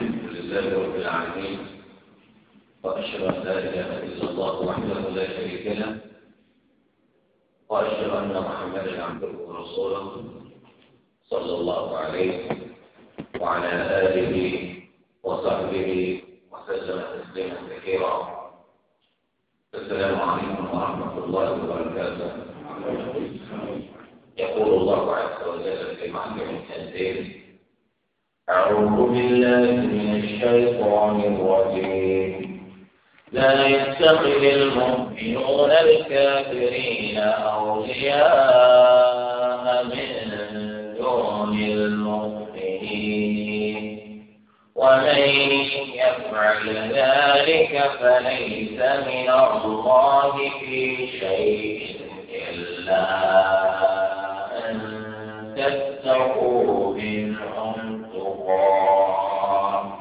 الحمد لله رب العالمين وأشهد أن لا إله إلا الله وحده لا شريك له وأشهد أن محمدا عبده ورسوله صلى الله عليه وعلى آله وصحبه وسلم تسليما كثيرا السلام عليكم ورحمة الله وبركاته يقول الله عز وجل في محكم التنزيل أعوذ بالله من الشيطان الرجيم لا يتخذ المؤمنون الكافرين أولياء من دون المؤمنين ومن يفعل ذلك فليس من الله في شيء إلا أن تتقوا الله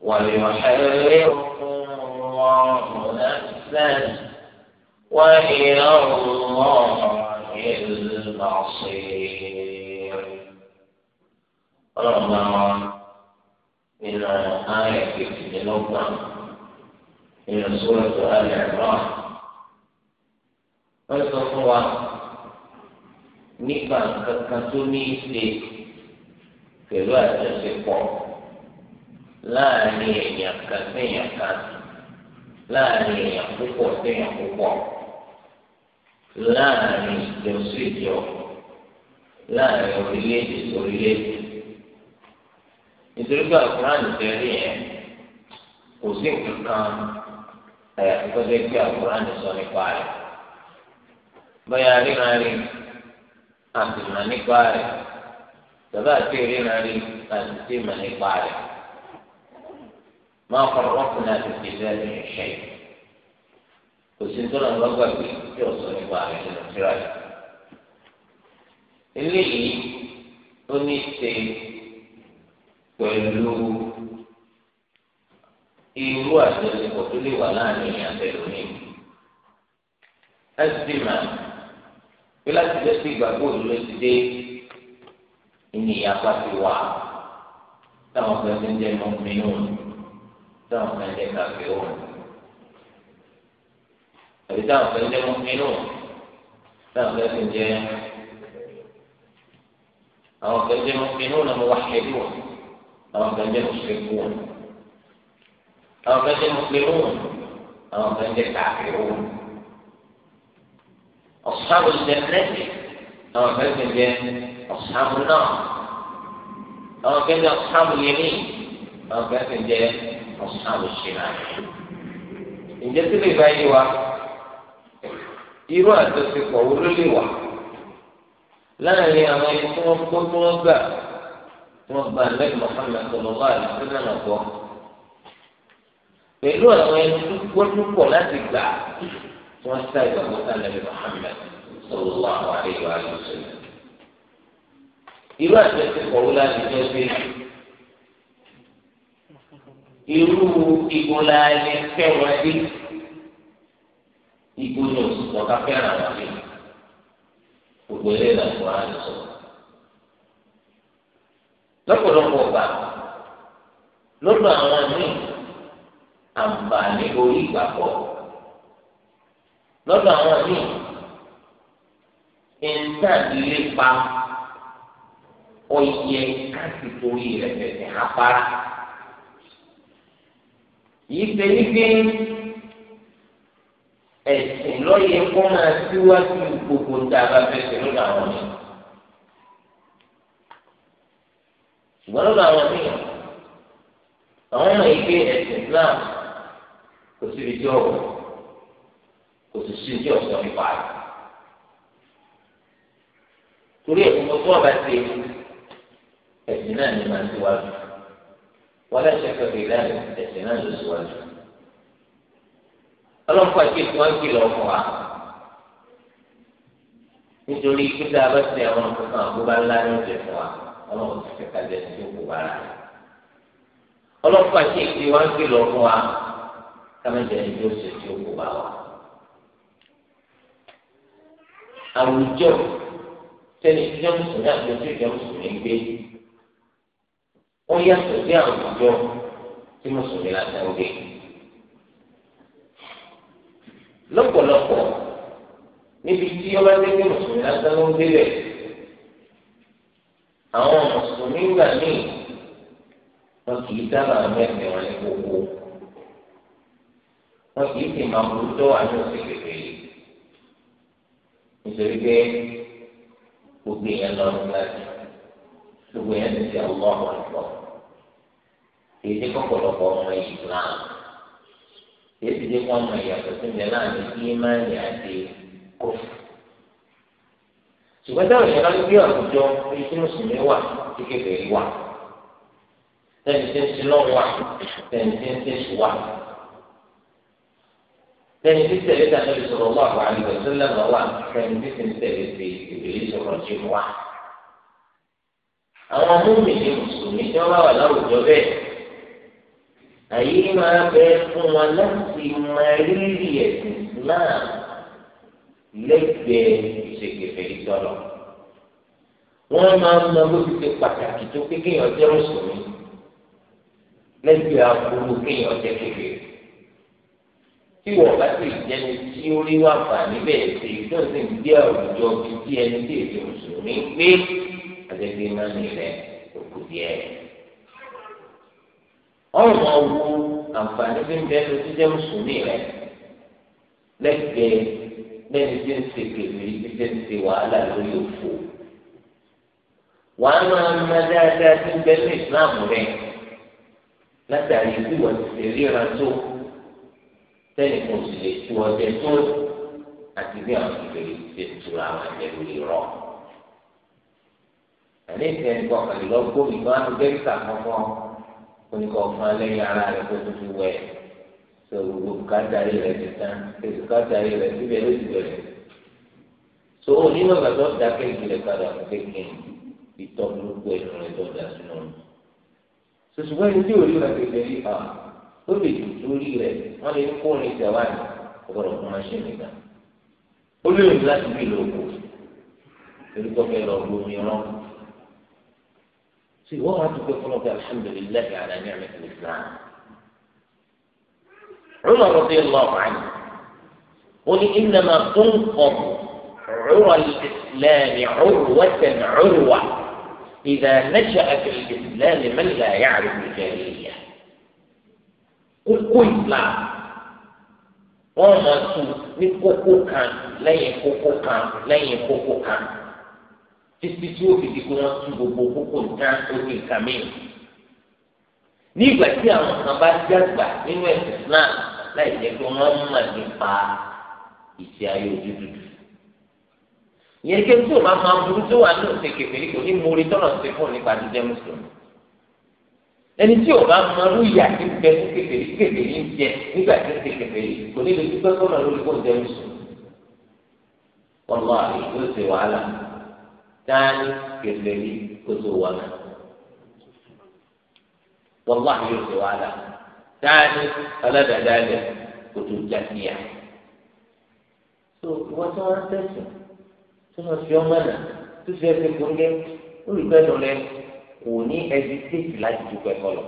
ويحرركم الله نفسا وإلى الله المصير ربنا من آية النبوة من سورة آل عمران فلسفة نبأ كتوني pẹ̀lú àjọṣepọ̀ láàrin èèyàn kan séèyàn kan láàrin èèyàn púpọ̀ séèyàn púpọ̀ láàrin ìjọ sí ìjọ láàrin orílẹ̀-èdè sí orílẹ̀-èdè nítorí pé àkùrán ìtẹ́rí yẹn kò sí nǹkan kan àyàfi tó dé pé àkùrán sọ nípa rẹ̀ bóyá ríran rí àtìmọ̀ nípa rẹ̀ bàbá àti ìrìnà rí àti tí mà nípa rẹ̀ máa kọ̀ ọ̀pọ̀ náà ti fi lẹ́nu ìṣe kò sí tó lọ́nà lọ́gbàgbé tí ọ̀sọ́ nípa rẹ̀ nínú síra rẹ̀. eléyìí ó ní ṣe pẹ̀lú irú àjọṣepọ̀ tó lè wà láàrin àtẹ̀lómi. ẹ pé láti jẹ́ sí ìgbàgbọ́ òun ti dé. ìní ìyapa ti wà táwọn fẹ́ ti ń jẹ́ mọ́mìnún táwọn fẹ́ ń jẹ́ kàfíhùn àbí táwọn fẹ́ ń jẹ́ mọ́mìnún táwọn fẹ́ ti ń jẹ́ àwọn fẹ́ ń jẹ́ mọ́mìnún náà mo wá ṣẹ́gun àwọn fẹ́ ń jẹ́ mọ́ṣẹ́gun àwọn fẹ́ ń jẹ́ mọ́mìnún àwọn fẹ́ ń jẹ́ kàfíhùn. أصحاب الجنة àwọn kan sì jẹ ọ̀sánmù náà àwọn kan jẹ ọ̀sánmù yẹmí àwọn kan sì jẹ ọ̀sánmù ṣìnà. ǹjẹ́ tí lè bá yé wa irú àjọṣepọ̀ wo ló lè wà láàrin àwọn ẹni tí wọ́n gbọ́ tí wọ́n gbà tí wọ́n gba àlẹ́ Muhammad sọlọ́wọ́ àdìsílẹ̀ náà gbọ́ pẹ̀lú àwọn ẹni tó gbọ́ tó pọ̀ láti gbà tí wọ́n sá ìgbàgbọ́ sálẹ̀ Muhammad sallallahu alaihi wa sallam. irú àtẹ̀sí kọ̀wé láti jẹ́ pé irú ìgbóla ẹni fẹ́ràn dé ìgbóla òṣùpọ̀ ká fẹ́ràn wà dé gbogbo eré làkùn àti sọ̀rọ̀. lọ́pọ̀lọpọ̀ ọ̀gbà lọ́dọ̀ àwọn míì àǹfààní orí ìgbàgbọ́ lọ́dọ̀ àwọn míì nǹkan lépa ọyẹ káàsì torí rẹ̀ bẹ̀rẹ̀ apara yìí ṣe wípé ẹ̀sìn lọ́yẹ kó máa síwájú gbogbo dàgbà fẹsẹ̀ lọ́dọ̀ àwọn mi ṣùgbọ́n lọ́dọ̀ àwọn mi àwọn ọmọ yìí gbé ẹ̀sìn Islam kò síbi tí ọ̀rọ̀ kò sì sí tí ọ̀sán nípa rẹ̀ torí ẹ̀sìn gbogbo ọba ti ẹ̀sìn náà ni màá síwájú wọn lè ṣe kẹfì láàyè ẹ̀sìn náà ló síwájú ọlọ́pàá kí ètò wọn kìlọ̀ fún wa nítorí kíkà bá ti àwọn nǹkan àbúrò ńlá ní oúnjẹ fún wa ọlọ́run ti kẹta jẹ sí òkú wa rà ọlọ́pàá kí ètò wọn kìlọ̀ fún wa kámẹ́jẹ ni yóò ṣe sí wa àwùjọ sẹ́ni tó jẹ́ mùsùlùmí àti ọtí ìjẹ́ mùsùlùmí ń gbé ó yàtọ̀ sí àwùjọ tí mùsùlùmí láti ń gbé lọ́pọ̀lọpọ̀ níbi tí ọba dé pé mùsùlùmí láti ń gbé bẹ̀ àwọn mùsùlùmí gbà míì wọn kì í dábàá mẹ́rin wọn ní gbogbo wọn kì í sì máa burú tó wà ní òsèlè nítorí pé. gbogbo yẹn lọ ní láti gbogbo yẹn ti dị ọlọ́run àgbọ̀ èdè kọ̀pọ̀lọpọ̀ ọmọ islam èdè tí wọ́n mọ ìyàtọ̀ sí ilẹ̀ láàrin ìmáàlì àti kófù ṣùgbọ́n táwọn èèyàn lọ bí àwùjọ bíi tí mùsùlùmí wà tí kékeré wà tẹ̀síńtì náà wà wà. lẹni tí tẹ̀lé tà níbi sọ̀rọ̀ wà wà níbi sọ̀rọ̀ náà wà lẹni tí tẹ̀lé tẹ̀lé fi ìbílẹ̀ sọ̀rọ̀ jì wà. àwọn múmi ní mùsùlùmí tí wọ́n bá wà láwùjọ bẹ́ẹ̀ àyè máa bẹ fún wọn láti máa rírì ẹ̀sìn náà lẹ́gbẹ̀ẹ́ ìṣègbèfẹ́ ìtọ́lọ̀. wọ́n máa ń mọ bó ti pàtàkì tó kékeré ọjọ́ mùsùlùmí lẹ́gbẹ̀ẹ́ àbúrò kéèyàn jẹ́ kékeré tí wọ́n bá sì jẹni tí ó rí wà fà níbẹ̀ ṣe ìjọ sì ń gbé àwùjọ bíi tí ẹni tí èdè mùsùlùmí gbé àtẹ̀gbẹ́ máa ń rẹ̀ òkú díẹ̀. ọ̀rùn máa wo àǹfààní bí ń bẹ́ẹ̀ ló ti jẹ́ mùsùlùmí rẹ̀ lẹ́gbẹ̀ẹ́ lẹ́ni tí ń ṣe kèmí tí ń ṣe wàhálà lórí òfò. wàá máa ma dáadáa tí ń bẹ́ẹ̀ ní ìsìláàmù rẹ̀ látàrí bí ti sẹ́yìn kò sì lè tú ọjọ́ tó àti bí àwọn ìbèrè ṣe tura àwọn ẹ̀rù ìrọ̀. àní ìfẹ́ni kọkàn lọ gbómi kan á gbé kíkà kankan oníkan fún alẹ́yìn ara rẹ̀ kó tó fi wẹ̀ sọ gbogbo kádàrí rẹ̀ ti tán èso rẹ̀ síbẹ̀ ló ti bẹ̀rẹ̀. so onímọ̀ gbàgbọ́ dákẹ́ ìjìnlẹ̀ padà fún kékeré ìtọ́ gbogbo ẹ̀dùn rẹ̀ tó dà sínú. sọ̀sùgbọ́n ẹni tí ò ó lè jù lórí rẹ̀ wọ́n lè kó orin tẹ̀wá ní ọ̀gbọ̀dọ̀ fún ṣe nígbà ó lè rìn láti bí lóko òkú tó kọ́ fẹ́ lọ lu omi rán sí wọ́n wá dúpẹ́ fún ọkọ̀ alhamdulilayi ara ní àmì islam عمر رضي الله عنه قل إنما تنقض عرى الإسلام عروة عروة إذا نشأ في mẹlẹ من àrùn يعرف الجاهلية ó kó islam wọn máa tún ní kókó kan lẹ́yìn kókó kan lẹ́yìn kókó kan títí tí ó fi di pé wọn tún gbogbo kókó nǹkan orí nǹkan mìíràn ní ìgbà tí àwọn kan bá dàgbà nínú ẹ̀sìn islam láì jẹ́ pé wọ́n mọ̀ nípa ìṣe ayé ojú dúdú ìyẹn kí n tó máa máa burú tó wà ní òsè kẹfẹ́ ní kò ní mo rí tọ́lọ̀ sí fún nípa jíjẹ́ mùsùlùmí ẹni tí o bá mọrú ìyá tí ń bẹ fún kékeré kékeré ń jẹ nígbà tí ń ṣe kékeré kò ní lè fi gbẹ́ sọ́nà lórí kó ń jẹ́ mùsùlùmí. wàlláhì yóò ṣe wàhálà dání kékeré kó tó wà náà. wàlláhì yóò ṣe wàhálà dání aládàádáálẹ̀ kó tó já sí yà. tó wọ́n tí wọ́n ń tẹ̀sán tí wọ́n fi ọmọ náà tó fi ẹsẹ̀ kúndé ó rí bẹ́ẹ̀ lọ lẹ́nu kò ní ẹdítéètì láti dúpẹ́ kọlọ̀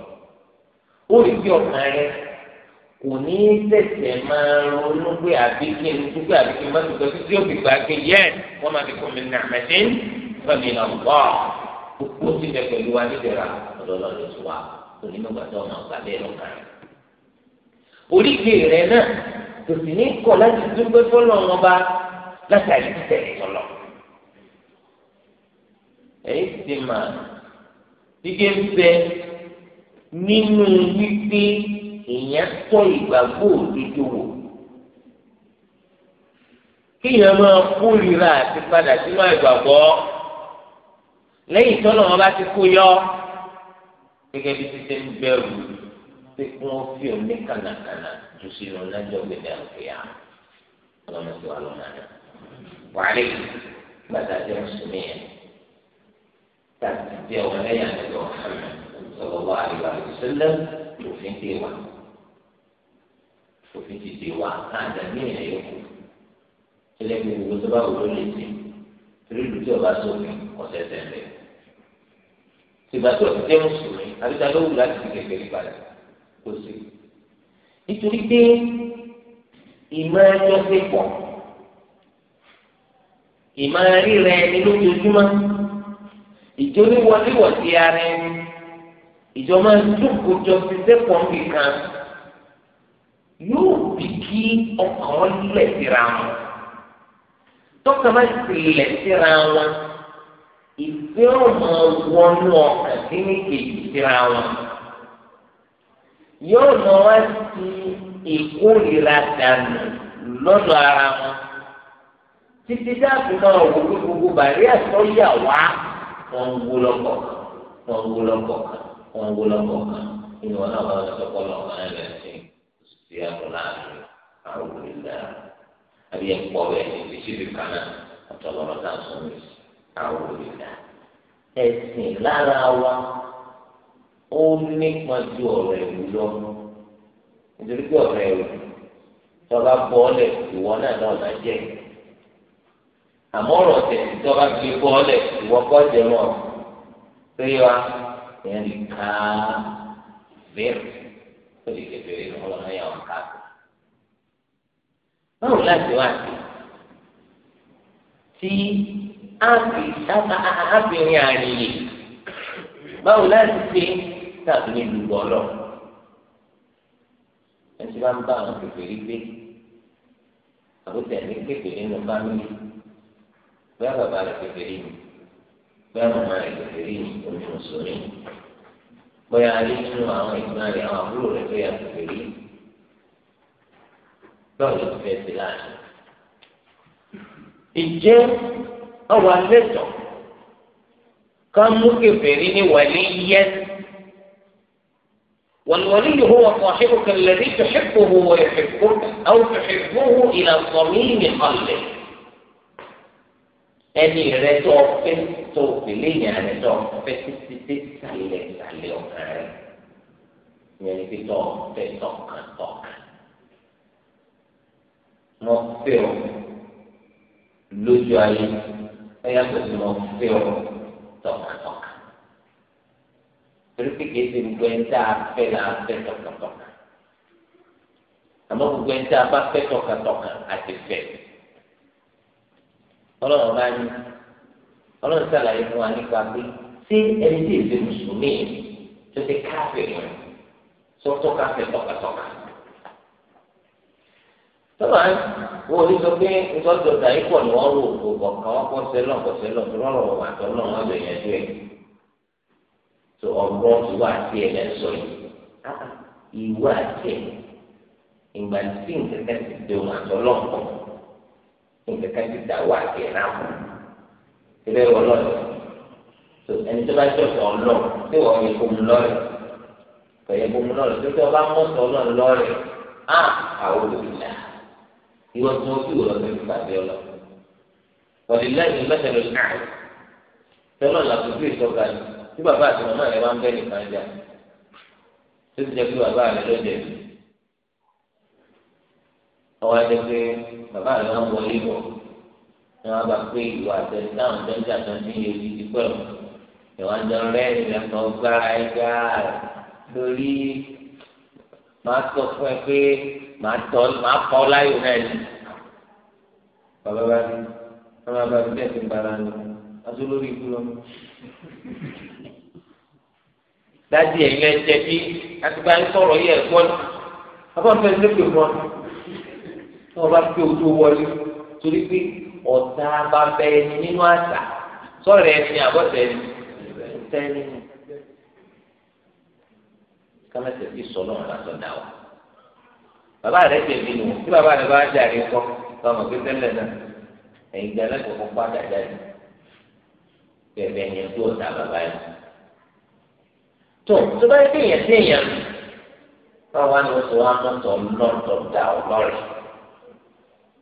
ó rí bí ọkàn rẹ kò ní tẹ̀sẹ̀ máa ronú pé àbí kí n dúpẹ́ àbí kí n má dúpẹ́ títí ó fi gbà pé yẹ wọ́n máa fi kún mi ní àmẹ́sí fẹ́mi náà wọ́ gbogbo ti bẹ pẹ̀lú wa nídẹ̀ra ọ̀dọ́dọ́ ló ti wá onímọ̀gbà tó ọmọ ọgbà bẹ́ẹ̀ lọ́kàn rẹ oríkèé rẹ náà kò sì ní kọ̀ láti dúpẹ́ fọlọ́ wọn bá látàrí títẹ̀ ìtọ́lọ́ ẹ̀yìn ti máa ike ń bẹ nínú wípé èèyàn tọ́ ìgbàgbọ́ òdodo wò kéèyàn máa kórìíra àti padà sínú àgbàgbọ́ lẹ́yìn tọ́nà wọn bá ti kó yọ gẹ́gẹ́ bí títí ń bẹ̀rù pé kí wọ́n fi òní kànàkànà jù sínú lájọ́ gbẹ̀dẹ̀ àgbẹ̀yà ọlọ́mọdé wa lọ́nà náà wàhálì gbàdájọ́ mùsùlùmí yẹn láti jẹ́ ọmọ lẹ́yìn àtẹ̀jọ́ sọlọ́wọ́ àríwá ìṣẹ̀lẹ̀ òfin ti wà òfin ti ti wà àdàmì ẹ̀yọ́ kù ṣẹlẹ̀ bí gbogbo tó bá wù ló lè ti torí ìlú tí ọba sófin ọ̀sẹ̀ tẹ̀lẹ̀ ìgbà tí òfin jẹ́ mùsùlùmí àbíta ló wù láti fi kékeré padà kó sí nítorí pé ìmọ̀ ẹjọ́ ti pọ̀ ìmọ̀ rírẹ̀ ẹni lójoojúmọ́ ìjọ oníwọléwọ̀sí ara ẹni ìjọ máa ń dúnkòjọ sí sẹ́kọ̀ọ́mì kan yóò bí kí ọkàn lẹ̀ síra wọn tọ́ka máa sì lẹ̀ síra wọn ìfẹ́ ọmọ wọnú ọkàn sí ní kejì síra wọn yóò lọ wá sí ìkórìíra dànù lọ́dọ̀ ara wọn títí dáàbò náà wò ó gbogbo bàrí àtọ́yà wá wọn ń wú lọ́kọ̀ wọn ń wú lọ́kọ̀ wọn ń wú lọ́kọ̀ inú wọn náà wọn sọ pé ọlọ́run náà lè ṣe sí àtọ̀ láàrin àwọn olùdá àbí ẹ̀ pọ̀ bẹ́ẹ̀ ní ibi síbi kan náà ọ̀tọ̀ lọ́rọ̀ tá a sọ ní àwọn olùdá ẹ̀sìn lára wa ó nípa ju ọ̀rọ̀ ẹ̀wù lọ nítorí pé ọ̀rọ̀ ẹ̀wù tọ́ba bọ́ ọ̀lẹ̀ ìwọ náà náà máa jẹ́ àmọ́ ọ̀rọ̀ tẹ̀sí tó bá fi bọ́ ọ̀lẹ̀ ìwọ kọ́ jẹ mọ́ pé wa ẹ̀yìn lè ká bẹ́ẹ̀rù tó lè lè bẹ̀rẹ̀ ìlú ọlọ́run ẹ̀yà wọn ká tó. báwo láti wá sí tí a fi sábà a rìn àrìnlè báwo láti ṣe tàbí ní ìlú ọlọ́ ẹ ti bá ń bá àwọn kékeré gbé àbútẹ̀ ní kékeré nínú bámi. bẹ́ẹ̀ bàbá rẹ̀ kékeré ni bẹ́ẹ̀ màmá rẹ̀ kékeré ni omi mùsùlùmí bóyá alẹ́ nínú àwọn ìgbà rẹ̀ àwọn àbúrò rẹ̀ tó yà kékeré bẹ́ẹ̀ ló fẹ́ sí láàyè. ìjẹ́ ọwọ́ alẹ́ tọ̀ ká mú kékeré ní wàlé yẹn. والولي هو صاحبك الذي تحبه ويحبك أو تحبه إلى صميم قلبك ẹni rẹ tó fẹ́ tó pèlè yẹn rẹ tó fẹ́ títí dé sàlẹ̀ sàlẹ̀ ọkàn rẹ yẹn ni pé tó fẹ́ tọkàn tọkàn mo fẹ́ ọ lójú ayé ó yàtọ̀ sí mo fẹ́ ọ tọkàn tọkàn torí pé kìí ṣe gbogbo ẹni tá a fẹ́ là á tọkàn tọkàn àmọ́ gbogbo ẹni tá a bá tọkàn tọkàn àti fẹ́. ọlọ́run bá ní ọlọ́run sàlàyé fún wa nípa pé ṣé ẹni tí èsì mùsùlùmí tó ti káfẹ́ wọn sọ́tọ́ káfẹ́ tọkàtọkà. tọ́lá wo ní sọ pé ìtọ́jú ọ̀dà yìí pọ̀ wọ́n rò òkú kọ̀ọ̀kan wọ́n sẹ́lọ̀ kọ́ sẹ́lọ̀ tó rọrùn wà tó náà wọ́n lè yẹn tó nǹkan kan ti dà wà kí ẹ̀ náà mọ̀ ìbẹ́ wọ lọ́dọ̀ tó ẹni tó bá jọ sọ lọ tí wọ́n yẹ kó mu lọ́rẹ̀ kò yẹ kó mu lọ́rẹ̀ tó tí wọ́n bá mọ̀ sọ náà lọ́rẹ̀ á àwọn olùdíjà ìwọ tí wọ́n fi wò lọ́dọ̀ fi pàdé ọlọ́ ọ̀dìlẹ́yìn mẹ́tẹ̀lẹ́ náà tẹ́lọ̀ làkùnkùn ìtọ́ka ni tí bàbá àti màmá rẹ̀ máa ń bẹ́ nìkan jà tó ti jẹ́ pé bàbá rẹ̀ ló jẹ̀bi ọwọ́ adé pé bàbá rẹ̀ náà wọlé bọ̀ ni wọ́n bá pé ìlú àtẹ̀lé táwọn jẹ́jà tó ń bí ebi ti pẹ̀ wọ́n ìwọ́n jọ rẹ́ẹ̀rì lẹ́nu ọgbára ẹ̀gá lórí máa sọ fún ẹ pé máa tọ́ máa kọ́ láyò náà ni bàbá bá ní wọ́n máa bá fi bẹ́ẹ̀ ti ń bara ni wọ́n lórí ikú lọ. dájú ẹ̀yin ẹ̀ jẹ̀bi àti bá ń sọ̀rọ̀ yẹ̀ ẹ̀kọ́ ni abọ́n fẹ́ẹ́ lé pè fún ọ tí wọ́n bá fi ojú wọlé torí pé ọ̀tá bá bẹ ẹni nínú àṣà sọ̀rọ̀ ẹni àbọ̀tẹ̀ ẹni tẹ́ni ni. kámẹ́tẹ̀ bí sọ́nà ọ̀la sọ̀dá wa. bàbá rẹ̀ tẹ̀lé nù tí bàbá rẹ̀ bá jáde kọ́ lọ́mọ pé tẹ́lẹ̀ náà ẹ̀yin gba lẹ́kọ̀ọ́ padà jáde bẹ̀bẹ̀ yẹn tó ọ̀tá bàbá yẹn. tó tó bá yẹ kéèyàn sí èèyàn báwa ni ó sọ wá mọ́tò ọlọ́ọ̀tọ̀ dà ọlọ́rẹ̀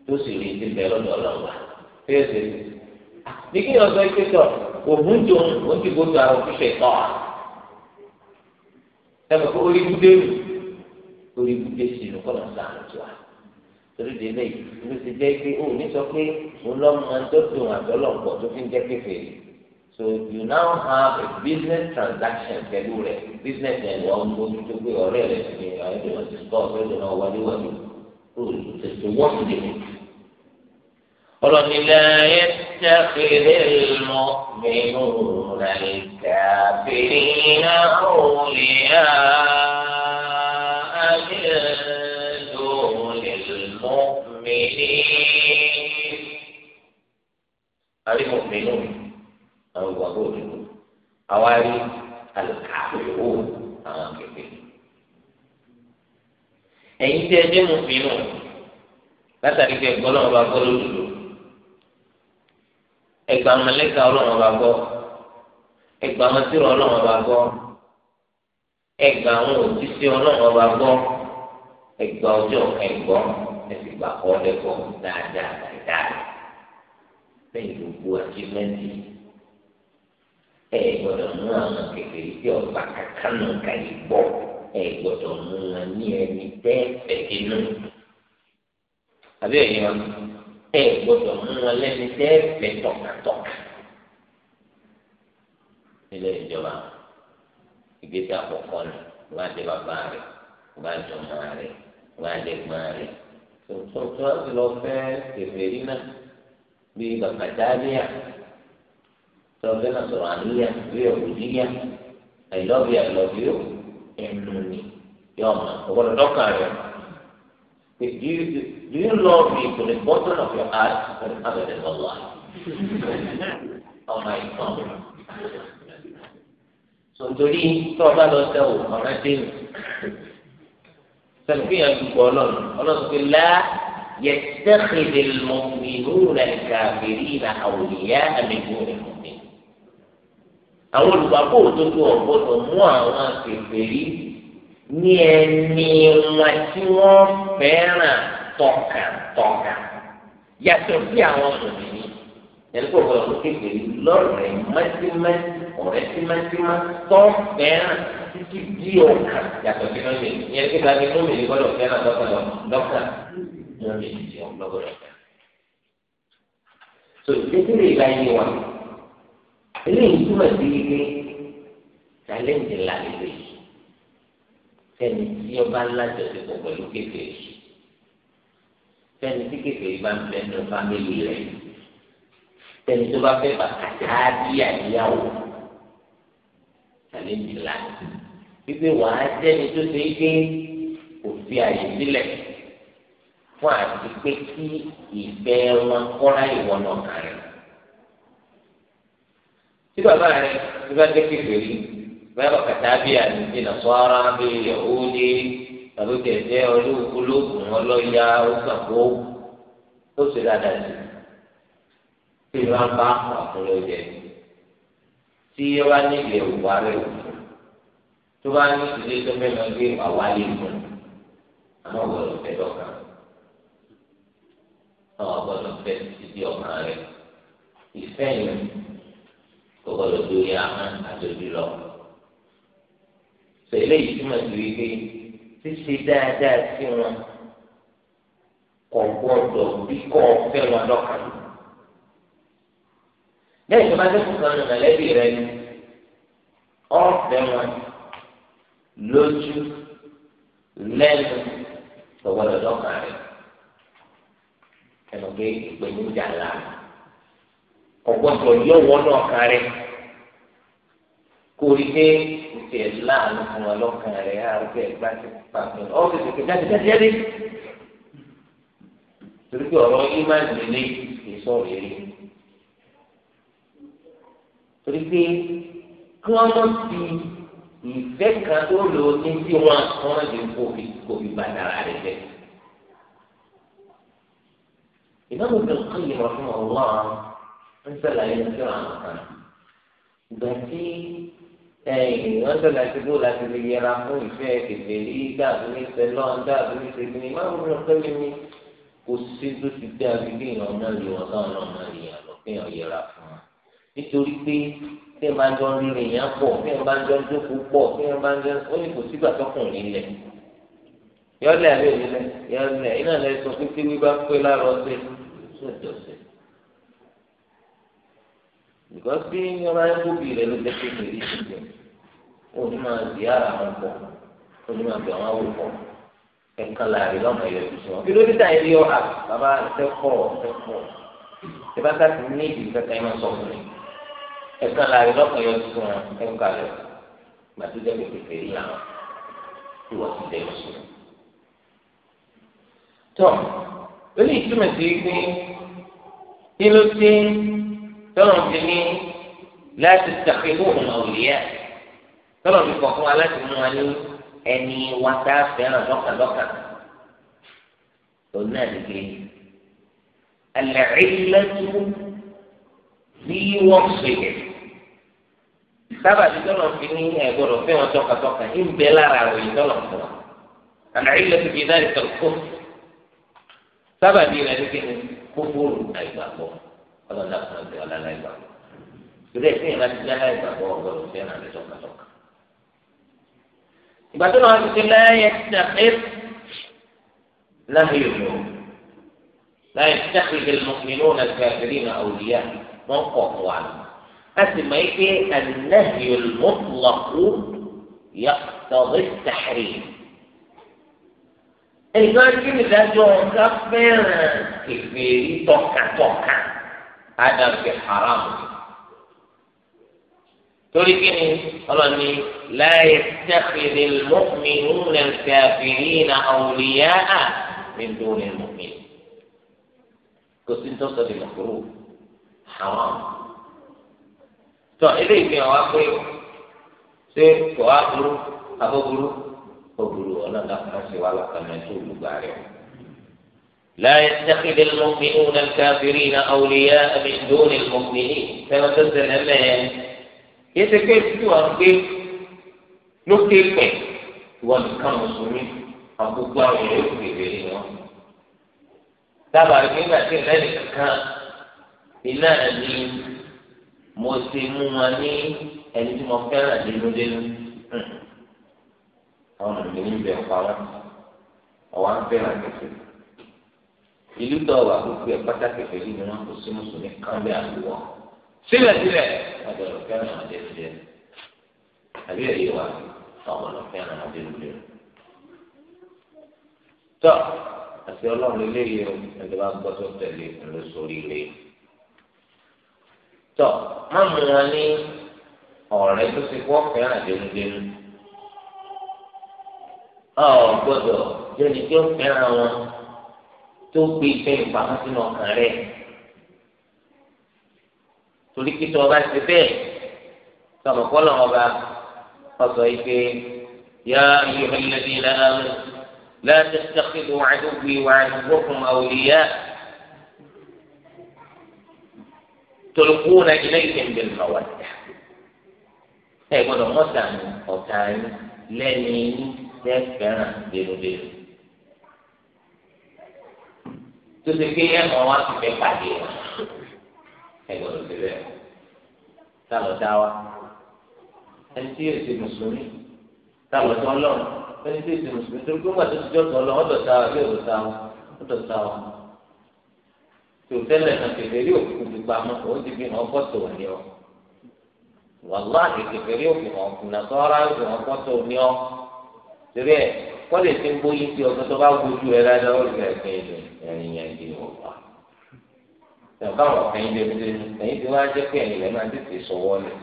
tó sì rí ti bẹ̀rẹ̀ lọ́dọ̀ ọlọ́wà fẹ́ẹ́sì ní kí ọ̀sán ike tọ̀ òògùn tó ń ti gbódò àwọn òfìfẹ́ tọ̀ ẹ̀fọ́ kó orí búdé rù orí búdé sí inú kọ́nà sáà tó a torí de lè ló ti jẹ́ pé ó ní sọ pé òun lọ́ máa ń tó àtọ́lọ́pọ̀ tó fi ń jẹ́ kéfèé so you now have a business transaction pẹ̀lú rẹ̀ business ẹ̀ lọ́wọ́ ń bójú tó pé ọ̀rẹ́ rẹ̀ ti ní ọ̀rẹ́ rẹ̀ ti kọ́ ọ̀rẹ́ rẹ̀ náà wọléwọlé. وحدهم قل لا يتخذ المؤمنون الكافرين أولياء من دون المؤمنين المؤمنون أو وضوء أو الكافرون أو ẹ̀yin tí ẹ dé mú fi nù látàrí pé ẹgbọ́n náà bá gbọ́ lódodo ẹgbà mọ̀lẹ́kà ọlọ́run bá gbọ́ ẹgbà mọ̀tìrọ̀ ọlọ́run bá gbọ́ ẹgbà àwọn òjíṣẹ́ ọlọ́run bá gbọ́ ẹgbà ọjọ́ ẹgbọ́ ẹgbà ọlẹ́kọ̀ dáadáa dáadáa lẹ́yìn gbogbo àjẹmẹ́ntì ẹ gbọ́dọ̀ mú àwọn kékeré tí ọgbà kankan náà kà yí gbọ́ ẹ gbọ́dọ̀ mú wọn ní ẹni tẹ́ẹ̀fẹ́ inú àbí ẹ̀yin wọn ẹ gbọ́dọ̀ mú wọn lẹ́ni tẹ́ẹ̀fẹ́ tọkàtọkà nílé ìjọba ìgbésẹ̀ àkọ́kọ́ nù wọn àti bàbá rẹ̀ wọn àti ọmọ rẹ̀ wọn àti ẹ̀gbọ́n rẹ̀ tuntun tí wọn ti lọ fẹ́ kẹfẹẹrí náà bíi bàbàdáníà tí wọn fẹ́ náà sọ̀rọ̀ àníyà bíi ọwọdíyà I love you I love you. ẹnu ni yóò ọgbọn ọgbọdọ dọkàn rẹ do you do you love me to the bottom of your heart and other than Allah ọmọ ìtàn sọtori tó o ọba lọ sẹ o ọmọ dénú sẹni kí yẹn dùgbọ Ọlọ́run Ọlọ́run pé lá yẹtẹkìlì mọmìnú rẹ kàbìrì nà àwòrìyá àmì ìgbò rẹ mọmìnú. àwọn olùgbàgbọ́ òdodo ọ̀gbọ́dọ̀ mú àwọn àgbègbèrí ní ẹni wọn tí wọ́n fẹ́ràn tọkàntọkà yàtọ̀ sí àwọn obìnrin ẹni tó gbọdọ̀ tó kékeré lọ́rẹ̀ mẹ́tímẹ́tí ọ̀rẹ́ tímẹ́tímẹ́ tó fẹ́ràn títí di ọ̀kan yàtọ̀ sí lọ́mì ìyẹn kí ta ni lọ́mì ní gbọdọ̀ fẹ́ràn lọ́kàn lọ́kàn lọ́mì ní ọ̀gbọ́dọ̀ fẹ́ràn. so ìdílé ìlà yìí wà eléyìí túmọ̀ sí wípé challenge ńlá nílé yìí fẹ́ni tí ọba ńlá jọ̀sìpọ̀ pẹ̀lú kékeré fẹ́ni tí kékeré bá ń bẹ nínú fámìlì rẹ̀ fẹ́ni tó bá fẹ́ bàtà bí àyíyáwó challenge ńlá wípé wàá jẹ́ni tó ṣe é pé kò fi àyè sílẹ̀ fún àti pé kí ìfẹ́ wọn kọ́ra ìwọ̀n náà kàrin tí bàbá rẹ tí bá dé kékeré báyọ̀ kàtàbíà ní ti nà sọ́ra bí yahudi tàbí kẹ̀kẹ́ olóògùn ọlọ́ya ọgbàgbó tó ṣe dáadáa sí tí ìlú àbá àkùnrin ọjẹ tí ó bá ní ìlú ìwà rẹ tó bá ní ìdílé tó mẹ́rin gbé àwa lè fún àmọ́ gbọ́dọ̀ fẹ́ lọ́kàn àwọn gbọ́dọ̀ fẹ́ títí ọkàn rẹ ìfẹ́ yẹn kókó ló dórí ahọ́n àjọjú lọ. sọ eléyìí túmọ̀ sí wípé ṣíṣe dáadáa sí wọn kò gbọdọ̀ bí kò fẹ́ wọn lọ́kàn. lẹ́yìn tó bá dẹ́kun kan nù mọ̀lẹ́bí rẹ ni ọ̀fẹ́ wọn lójú lẹ́nu kò gbọdọ̀ rẹ. ẹnu pé ìpèníjà ńlá ọgbọ́dọ̀ yọ wọ́n náà kan rẹ̀ kó rí pé ìfẹ́ láàánú fún wọn lọ́kàn rẹ̀ àrùkẹ́ ìgbà tí pàtó ọ́fíìsì kẹjá ti jáde jáde torí pé ọ̀rọ̀ ìmáàlì lélẹ̀ ìsọ̀rọ̀ èrè torí pé kí wọ́n mọ̀ sí ìfẹ́ kan tó lò ní tí wọ́n wọ́n lè kó fi kó fi bàtàrà rẹ̀ jẹ́. ìbámu kan kí ìmọ̀ fún ọ̀rọ̀ náà ń sàlàyé sí àwọn kan ìgbà tí ẹ̀yìn wọn sọlá ti bó láti lè yẹra fún ìfẹ́ kẹfẹ rí dàbí ní sẹlọ dàbí ní sẹgbẹni má wọn lọ pẹ̀lú mi kò sí tó ti dé abílẹ ìran náà lè wọn káwọn náà máa lè yàn lọ pé yàn yẹra fún wọn nítorí pé tí ẹ bá ń jọ ń rìn èèyàn pọ̀ tí ẹ bá ń jọ ń jókòó pọ̀ tí ẹ bá ń jọ ó ní kò sígbà tọkùnrin lẹ yọlẹ àbẹ òní yọlẹ iná lẹ sọ pé tí wí bá pé lára ọ̀sẹ̀ tó nìkan bí ọba yẹn kó bìrẹ ló jẹ kékeré yìí ṣe ó ní máa di ara wọn pọ ó ní máa bẹ wọn wò pọ ẹ̀ka láàrin lọ́mọ yẹn tó sọ kí ló dé táyé rí ọ̀hà bàbá tẹ́kọ̀ tẹ́kọ̀ ìbá ká ti ní ìdí kẹta yẹn máa sọ fún mi ẹ̀ka láàrin lọ́mọ yẹn tó sọ ẹ̀ka lẹ̀ gbàdúgbò kékeré yìí làwọn tí wọ́n ti dẹ̀ sọ. tọ́ eléyìí túmọ̀ sí pé kí ló dé tọ́lọ̀ fi ní láti tàkìlú ọ̀nà òlìyà tọ́lọ̀ fi kọ̀ fún wa láti mú wa ní ẹni wa tá a fẹ́ràn lọ́kàlọ́kà lónà nìgbè alẹ́rìlẹ́tù sí wọ́n sèlè sábàbí tọ́lọ̀ fi ní ẹ̀gbọ́dọ̀ fẹ́ wọn tọkàtọkà ń bẹ lára àròyìn tọ́lọ̀ fún wa alẹ́rìlẹ́tù fi náà tọ̀kọ́ sábàbí rẹ̀ ní kíni gbogbo olùgbàgbọ́. ọlọ́dà fún ẹgbẹ́ ọlọ́lá gbàgbọ́ torí ẹ̀ sẹ́yìn láti jẹ́ gbàgbọ́ ọ̀gbọ́n fẹ́ náà lẹ́tọ̀ kàtọ́kà. ìgbà tó náà ti láyé tẹ̀kẹ́ láyé ìlú láyé tẹ̀kẹ́ ìlú nàìjíríà náà yá wọn kọ̀ fún wa. a sì máa ké ànáhì olùmọ̀tòlọ́kù yàtọ̀wé tàhírì. ẹ̀gbọ́n kí dájọ́ ká fẹ́ràn kẹfẹ́ tọkàtọkà. adam fi haram torí kí ni ọlọ́ni láyé tẹ́kìlì mọ́mí ńlẹ̀ kẹfìrí na àwòrìyá à mí dùnì mọ́mí. kò sí ntọ́sọ̀ di mọ̀kúrú haram. tọ́ ilé ìgbìyànjú wa pé ṣé kò á burú abó burú kò burú ọlọ́dà kan ṣe wà lọ́kàn mẹ́tò olùgbà rẹ̀ o. لا يتخذ المؤمنون الكافرين أولياء من دون المؤمنين كما تنزل أمان يتكيف سوى كيف نكتب كيف وكان مسلمين أبو بكر يكفي بينهم dábàá rẹ̀ nígbà tí ìlẹ́yìn kankan iná ni mo ti mú wọn ní ẹni tí mo fẹ́ràn dénúdénú àwọn ìlú dọ̀wà gbogbo ẹ̀ pátákì pẹ̀lú ni wọ́n kò sí mùsùlùmí kan bẹ́ẹ̀ àlùwọ̀ sílẹ̀sílẹ̀ wọ́n dọ̀rọ̀ fẹ́ràn ọ̀dẹ́ ìdẹ́ àbí ẹ̀yẹ wa ọ̀gbọ̀nọ̀ fẹ́ràn ọ̀dẹ́ ìdẹ́ tọ́ àti ọlọ́run eléyìí o ẹ̀dẹ̀ bá gbọ́ tó tẹ̀lé ńlọ sórí ilé tọ́ má mú wọn ní ọ̀rẹ́ tó ti kọ́ fẹ́ràn dénúdénú ọ̀ gbọ́dọ̀ jẹ́ni tó fẹ́ràn wọn tó gbé ìfẹ́ ìpamọ́ sínú ọkàn rẹ̀ torí pé tọ́ba ṣe bẹ́ẹ̀ sọ̀rọ̀ kọ́lọ̀ ọba ọ̀sọ̀ ìpè yá ayélujára lẹ́dí lẹ́nu láti ṣàkíyèsí wàdúgbò wàdúgbò fún àwòlíyá tolukuna ilé ìkẹ́ńbẹ̀ lọ́wọ́dà ẹ gbọ́dọ̀ mọ́tà ọ̀tá lẹ́ni yín lẹ́fẹ̀ẹ́ràn dénúdénú tó ṣe pé ẹ̀mọ́ wa ti fẹ́ pàdé wọn ẹ gbọ́dọ̀ ṣe bẹ́ẹ̀ tá lọ dá wa ẹni tí yóò ṣe mùsùlùmí tá lọ tán lọ ẹni tí yóò ṣe mùsùlùmí tó gbọ́n gbà tó jọ́ tán lọ ọ̀dọ̀ tá wa bí tá wa ọ̀dọ̀ tá wa tó tẹ́lẹ̀ náà kẹfẹ́rí òkú ti pa mọ́ òun ti fi hàn fọ́tò òní ọ wàláhì kẹfẹ́rí òkú hàn fún nàtọ́ra òkú hàn fọ́tò òní ọ wọ́n lè fi gbóyè sí ọ̀sán tó bá gbójú ẹ dáadáa ó lè fẹ́ kẹ́yìn lè ẹ̀yìn yẹn ọ̀pá. Ìjọba àwọn kẹ́yìn lè fi ẹ̀yìn tí wọ́n jẹ́ pé ẹ̀yìn lẹ́ máa tètè sọ̀wọ́ lẹ̀.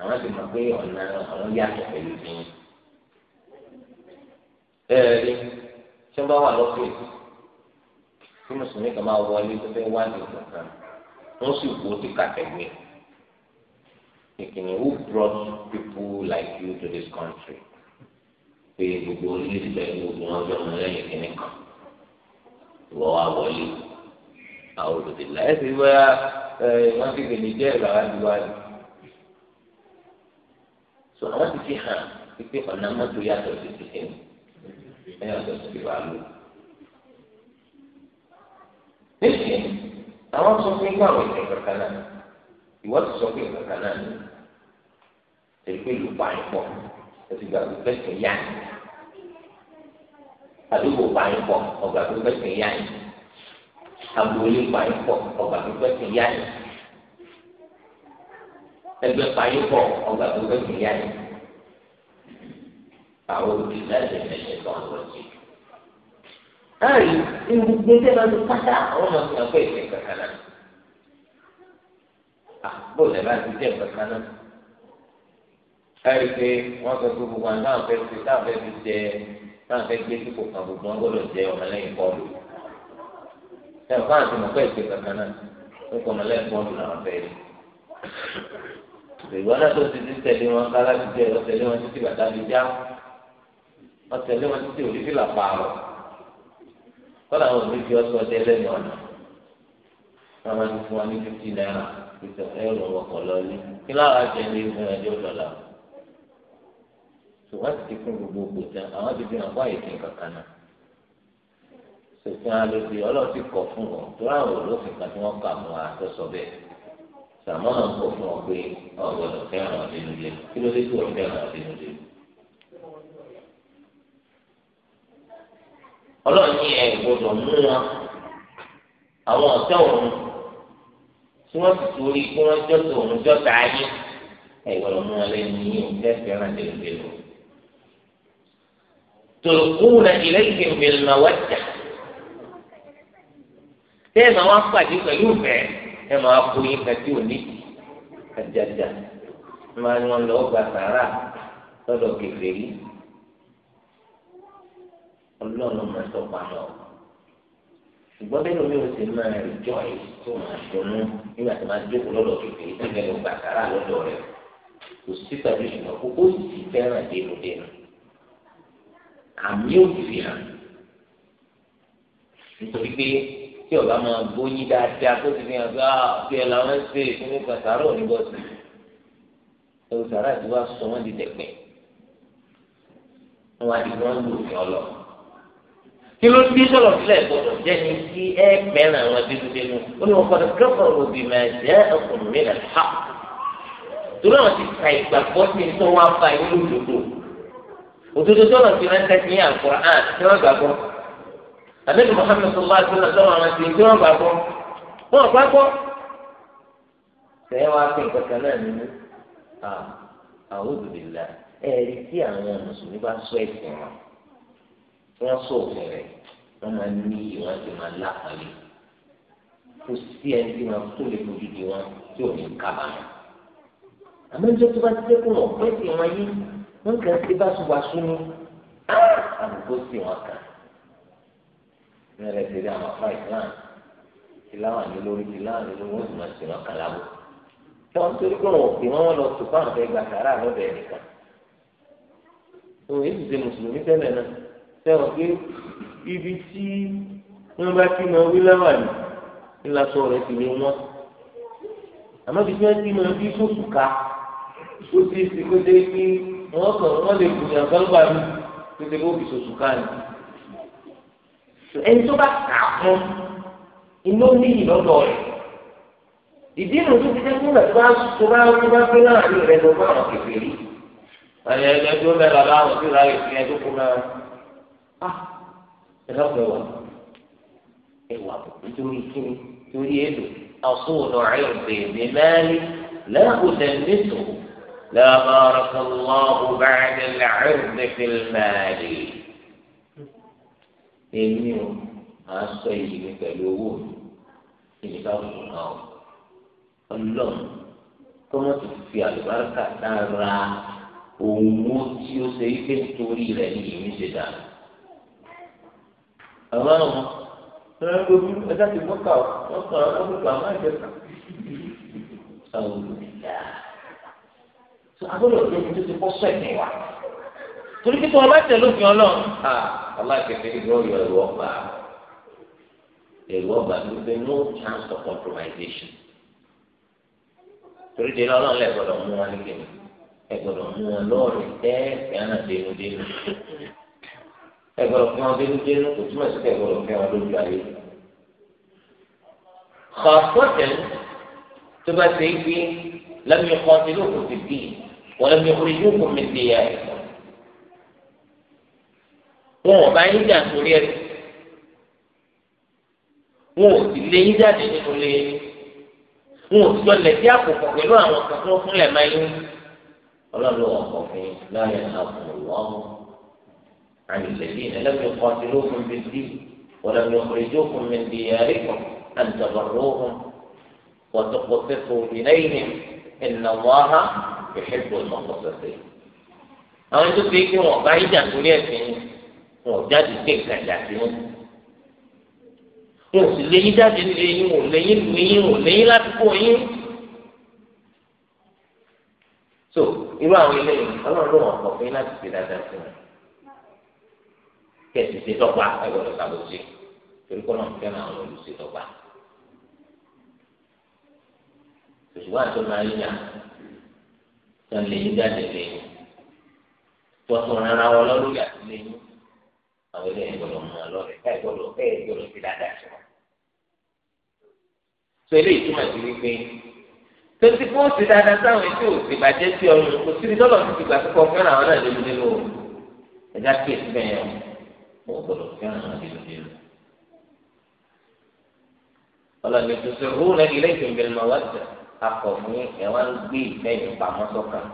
Àwọn ti mọ̀ pé ọ̀nà àwọn yàtọ̀ pẹ̀lú ìyẹn. Bẹ́ẹ̀ ni, tí wọ́n bá wà lọ́fíìsì, tí Mùsùlùmí kan máa wọlé tó fẹ́ wá ní ìgbọ̀ngàn, wọ́n sì brought people like you to this country? pé gbogbo orílẹ̀-èdè gbogbo wọn jọ ọmọ lẹ́yìn kìnnì kan ìwọ wa wọlé àwọn olùdílà ẹ sì wá wọn ti gbè ní jẹ́ ìlànà àdúrà sọ wọn ti fi hàn pípé ọ̀nà mọ́tò yàtọ̀ sí ti kìnnì ẹ yàtọ̀ sí ti bàálù. nísìnyí àwọn sọ pé kí àwọn ìtẹ̀ kankan náà ìwọ́n ti sọ pé kankan náà ni èyí pé ìlú pa ẹ̀ pọ̀. cái gọi là là òtùgbà pípẹ́ kẹ̀yà àdúgbò báyìí pọ̀ ọ̀gbà pípẹ́ kẹ̀yà yìí agboolé báyìí pọ̀ ọ̀gbà pípẹ́ kẹ̀yà yìí ẹgbẹ́ báyìí pọ̀ ọ̀gbà pípẹ́ kẹ̀yà yìí àwọn òbí láti ẹ̀ṣẹ̀ lọ́n lọ sí. Láàyè ìlú gbèsè máa ti pátá àwọn ọmọ ìyàgbọ́ ìṣẹ̀ kankan náà. Àbúrò lẹ́ bá ti jẹ́ kankan náà. ẹ̀rí pé wọ́n sọ pé gbogbo àwọn táwọn fẹ́ fi táwọn fẹ́ fi jẹ táwọn fẹ́ gbé sípò kan gbogbo wọn gbọ́dọ̀ jẹ ọmọlẹ́yìn bọ́ọ̀lù ẹ̀ fún àti mọ̀ fẹ́ẹ̀ ṣe kankan náà ó kọ́ ọmọlẹ́yìn bọ́ọ̀lù làwọn fẹ́ rí ìwọ náà tó ti ti tẹ̀lé wọn ká láti jẹ ọ tẹ̀lé wọn títí bàtà fi já ọ tẹ̀lé wọn títí òrí fìlà pààrọ̀ kọ́ làwọn òbí fi ọsọ dé lẹ́nu ọ̀nà wọn máa ti fún wọn ní fifty naira ìtọ̀ ẹ̀rọ ọkọ̀ lọ́ọ́lí kí láwọn àjẹ́ ní ìfún ẹ̀jẹ̀ ọ̀dọ́là. tó wọ́n ti fún gbogbo ògbò tán àwọn ti fi hàn fún àyè kín kankan náà sòfin alòdì ọlọ́run ti kọ̀ fún wọn tó ráwọn olófin kan tí wọ́n kà mọ́ àtọ́sọ bẹ́ẹ̀ sàmọ́nà ń kọ̀ fún ọ pé ọ̀gbọ́dọ̀ fẹ́ràn lé kí ló dé tó fẹ́ràn lé. ní ẹ̀ gbọ́dọ̀ mú wọn tòlùkùnà ìlẹ́yìn mìíràn wájà tẹ́ ẹ̀ máa wá pàdé pẹ̀lú ìfẹ́ ẹ̀ máa kú yín kàtí òní àjàjà máa ní wọn lọ gba sàárà lọ́dọ̀ kèfèrí ọlọ́run máa sọ pamọ́ ṣùgbọ́n bẹ́ẹ̀ lómi ò sì máa rìjọ́ ẹ̀ tó máa dùnú nígbà tí máa jókòó lọ́dọ̀ kèfèrí tí ìfẹ́ lọ gba sàárà lọ́dọ̀ rẹ̀ kò sí tàbí ṣùgbọ́n kókó sì fẹ́ràn dénúdénú àmì òfin hàn nítorí pé tí ọba máa gbóyin dáadáa tó ti fi hàn pé ọbẹ̀ ah, làwọn ń ṣe ìpínlẹ̀ kan sàárà oníbọ̀ sí ẹ̀rù sàárà ti wá sọ wọ́n di dẹ̀gbẹ̀ wọn á di wọn lò ní ọlọ kí ló dé sọlọ sílẹ̀ gbọ́dọ̀ jẹ́ ní kí ẹ pẹ́ràn àwọn dénúdénú ó ní wọn kọ́ni kẹ́kọ̀ọ́ òbí máa jẹ́ ọkùnrin mi ha torí àwọn ti ka ìgbàgbọ́ sí ní tó wá bá yín lódodo òdodo tọ́lọ̀ fi ránṣẹ́ sí àkùrán tí wọ́n gbàgbọ́ àdébí Muhammad sallallahu alaihi wa sallam àwọn ẹ̀sìn tí wọ́n gbàgbọ́ wọ́n gbàgbọ́ sẹ́yìn wá pé nǹkan kan náà nínú àwọn òdòdó ẹ̀rí tí àwọn mùsùlùmí bá sọ ẹ̀sìn wọn wọ́n sọ òfin rẹ̀ wọ́n máa ní ìwádìí máa lápàlẹ́ kò sí ẹni tí wọ́n tó lè fojú di wọn tí ò ní kábàámọ̀ àmọ́ tó bá ti dẹ́kun wọn kàn sí báṣubàṣu ni àbùkù sí wọn kàn ní rẹ ti rí àwọn afá ìsìláàmù ìsìláàmù àti lórí ìsìláàmù ló wọn sì máa sì wọn kàn lábò tí wọn torí pé wọn pè wọn lọ sùpá àwọn ẹgbà sàrà lọ́dọ̀ ẹnìkan òun yìí ti mùsùlùmí tẹ́lẹ̀ náà sẹwọn pé ibi tí wọn bá ti máa wí láwà ní ìlàsọ rẹ sì ni wọn àmọ́ ibi tí wọn ti máa bí sóṣù ká ó ti ṣe kó dé pé wọ́n kàn wọ́n lè kùn yàn kálùbà mi tètè bó fi sòsù káàní. ẹni tó bá kà fún iná ní ìlọ́dọ̀ rẹ̀ ìdí ìrùn tó ti dé fún ìgbà tó bá tó bá gbé láàrin rẹ̀ lọ bá àwọn kékeré àyẹ̀ ẹ̀jẹ̀ tó mẹ́ra láwọn tó ra ìfìyà tó kún náà ẹ̀ lọ́pọ̀ ah, ẹ̀wà ẹ̀wà nítorí kíni torí èlò àsùnwòn ọ̀rẹ́ òbèèmí mẹ́rin lẹ́kùn لا بارك الله بعد العرض في المال إني أستيج بكلوه إني تغفر الله اللهم كما تفي على بركة نارا وموت يوسيك توري لني مجدا اللهم أنا أقول أتاتي مكة مكة أبوك أمان جدا أعوذ بالله agbọ́dọ̀ tó omi tó ti kọ́ sọ ẹ̀sìn wa torí pé tí wọn bá tẹ̀ lófin ọlọ́run à aláàkẹ́kẹ́ ni wọ́n yọ ẹ̀rọ ọgbà ẹ̀rọ ọgbà tó gbé no chance of compromisation torí délé ọlọ́run lẹ̀ gbọ́dọ̀ mú wọn ní kíni ẹ mú wọn lọ́ọ̀rì tẹ́ ẹ̀ràn dénú dénú ẹ gbọ́dọ̀ wọn dénú dénú kò túmọ̀ sí pé ẹ wọn lójú ayé. خاصة تبقى سيدي لم يقاتلوه في الدين ولم يخرجوكم من دياركم wọn ò bá yín jà sórí ẹ wọn ò sì lé yín jáde nínú ilé wọn ò sọ lẹsí àkókò pẹ̀lú àwọn kan tó fúnlẹ máa yín ọlọ́run wọn kọ fún yín láàyè àkùnrin ọmọ àmì lẹ́yìn ẹlẹ́bí kan ti ló fún mi dì wọlé mi òkèrè jó fún mi dì ẹrí kan àti ọ̀rọ̀ òhun wọ́n fún mi lẹ́yìn ẹ̀ ẹ̀ nà wọ́n á ìfẹ́gbọ̀n náà kọ̀ sọ̀tẹ̀. àwọn tó fi kí wọn bá ìjà torí ẹ̀sìn wọn jáde gbé ìkàjà sí wọn. wọn ò sì léyìn jáde léyìn wọn ò léyìn lu yín wọn ò léyìn ládùúgbò yín. so irú àwọn ilé yìí ọlọ́run ló wọn kọ̀ fún yín láti fi dáadáa sí wọn. kẹ̀sì ṣe tọ́pa ẹgbẹ̀rún ṣàbòsí torí kọ́ náà fẹ́ràn àwọn olùṣètọ́pa. òṣùwọ̀n àti ọmọ ayé yàn tó ń lè yín jáde lè yín tọ́tún rárá wọn lọ́lórí àti lè yín àwọn eléyìí gbọ́dọ̀ mú wọn lọ́rẹ̀ káì gbọ́dọ̀ ẹ̀ gbọ́dọ̀ fi dáadáa sí wọn. sọ eléyìí túmọ̀ sí wípé tonti fún òsì dáadáa sáwọn etí òsì bàjẹ́ sí ọrùn kò síbi tọ́lọ̀ ti ti gbà pípọ̀ fẹ́ràn àwọn náà lórí nínú ẹ̀dá kéèsì bẹ́ẹ̀ yẹn wọ́n gbọ́dọ̀ fẹ́ràn àwọn lórí nínú akọ̀fún ẹ̀ wá ń gbé ìfẹ́ yìí pamọ́ sọ́kàn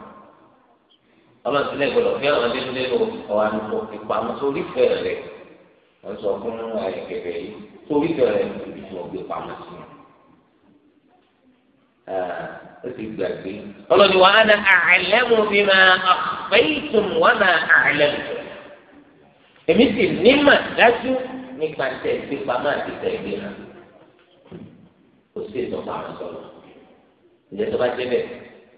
ọlọ́run ti lè gbọdọ̀ fi àwọn dénú dénú ọ̀wá ní kò fi pamọ́ sórí fẹ́ rẹ̀ wọ́n sọ fún àìkẹ̀kẹ̀ yìí sórí fẹ́ rẹ̀ níbi tí wọ́n gbé ó ti gbàgbé ọlọ́run wa ana a'lamu bima akhfaytum wa ma a'lamtum èmi sì nímọ̀ dájú nípa tẹ̀ àti tẹ̀ ìjẹ́ tó bá dé bẹ̀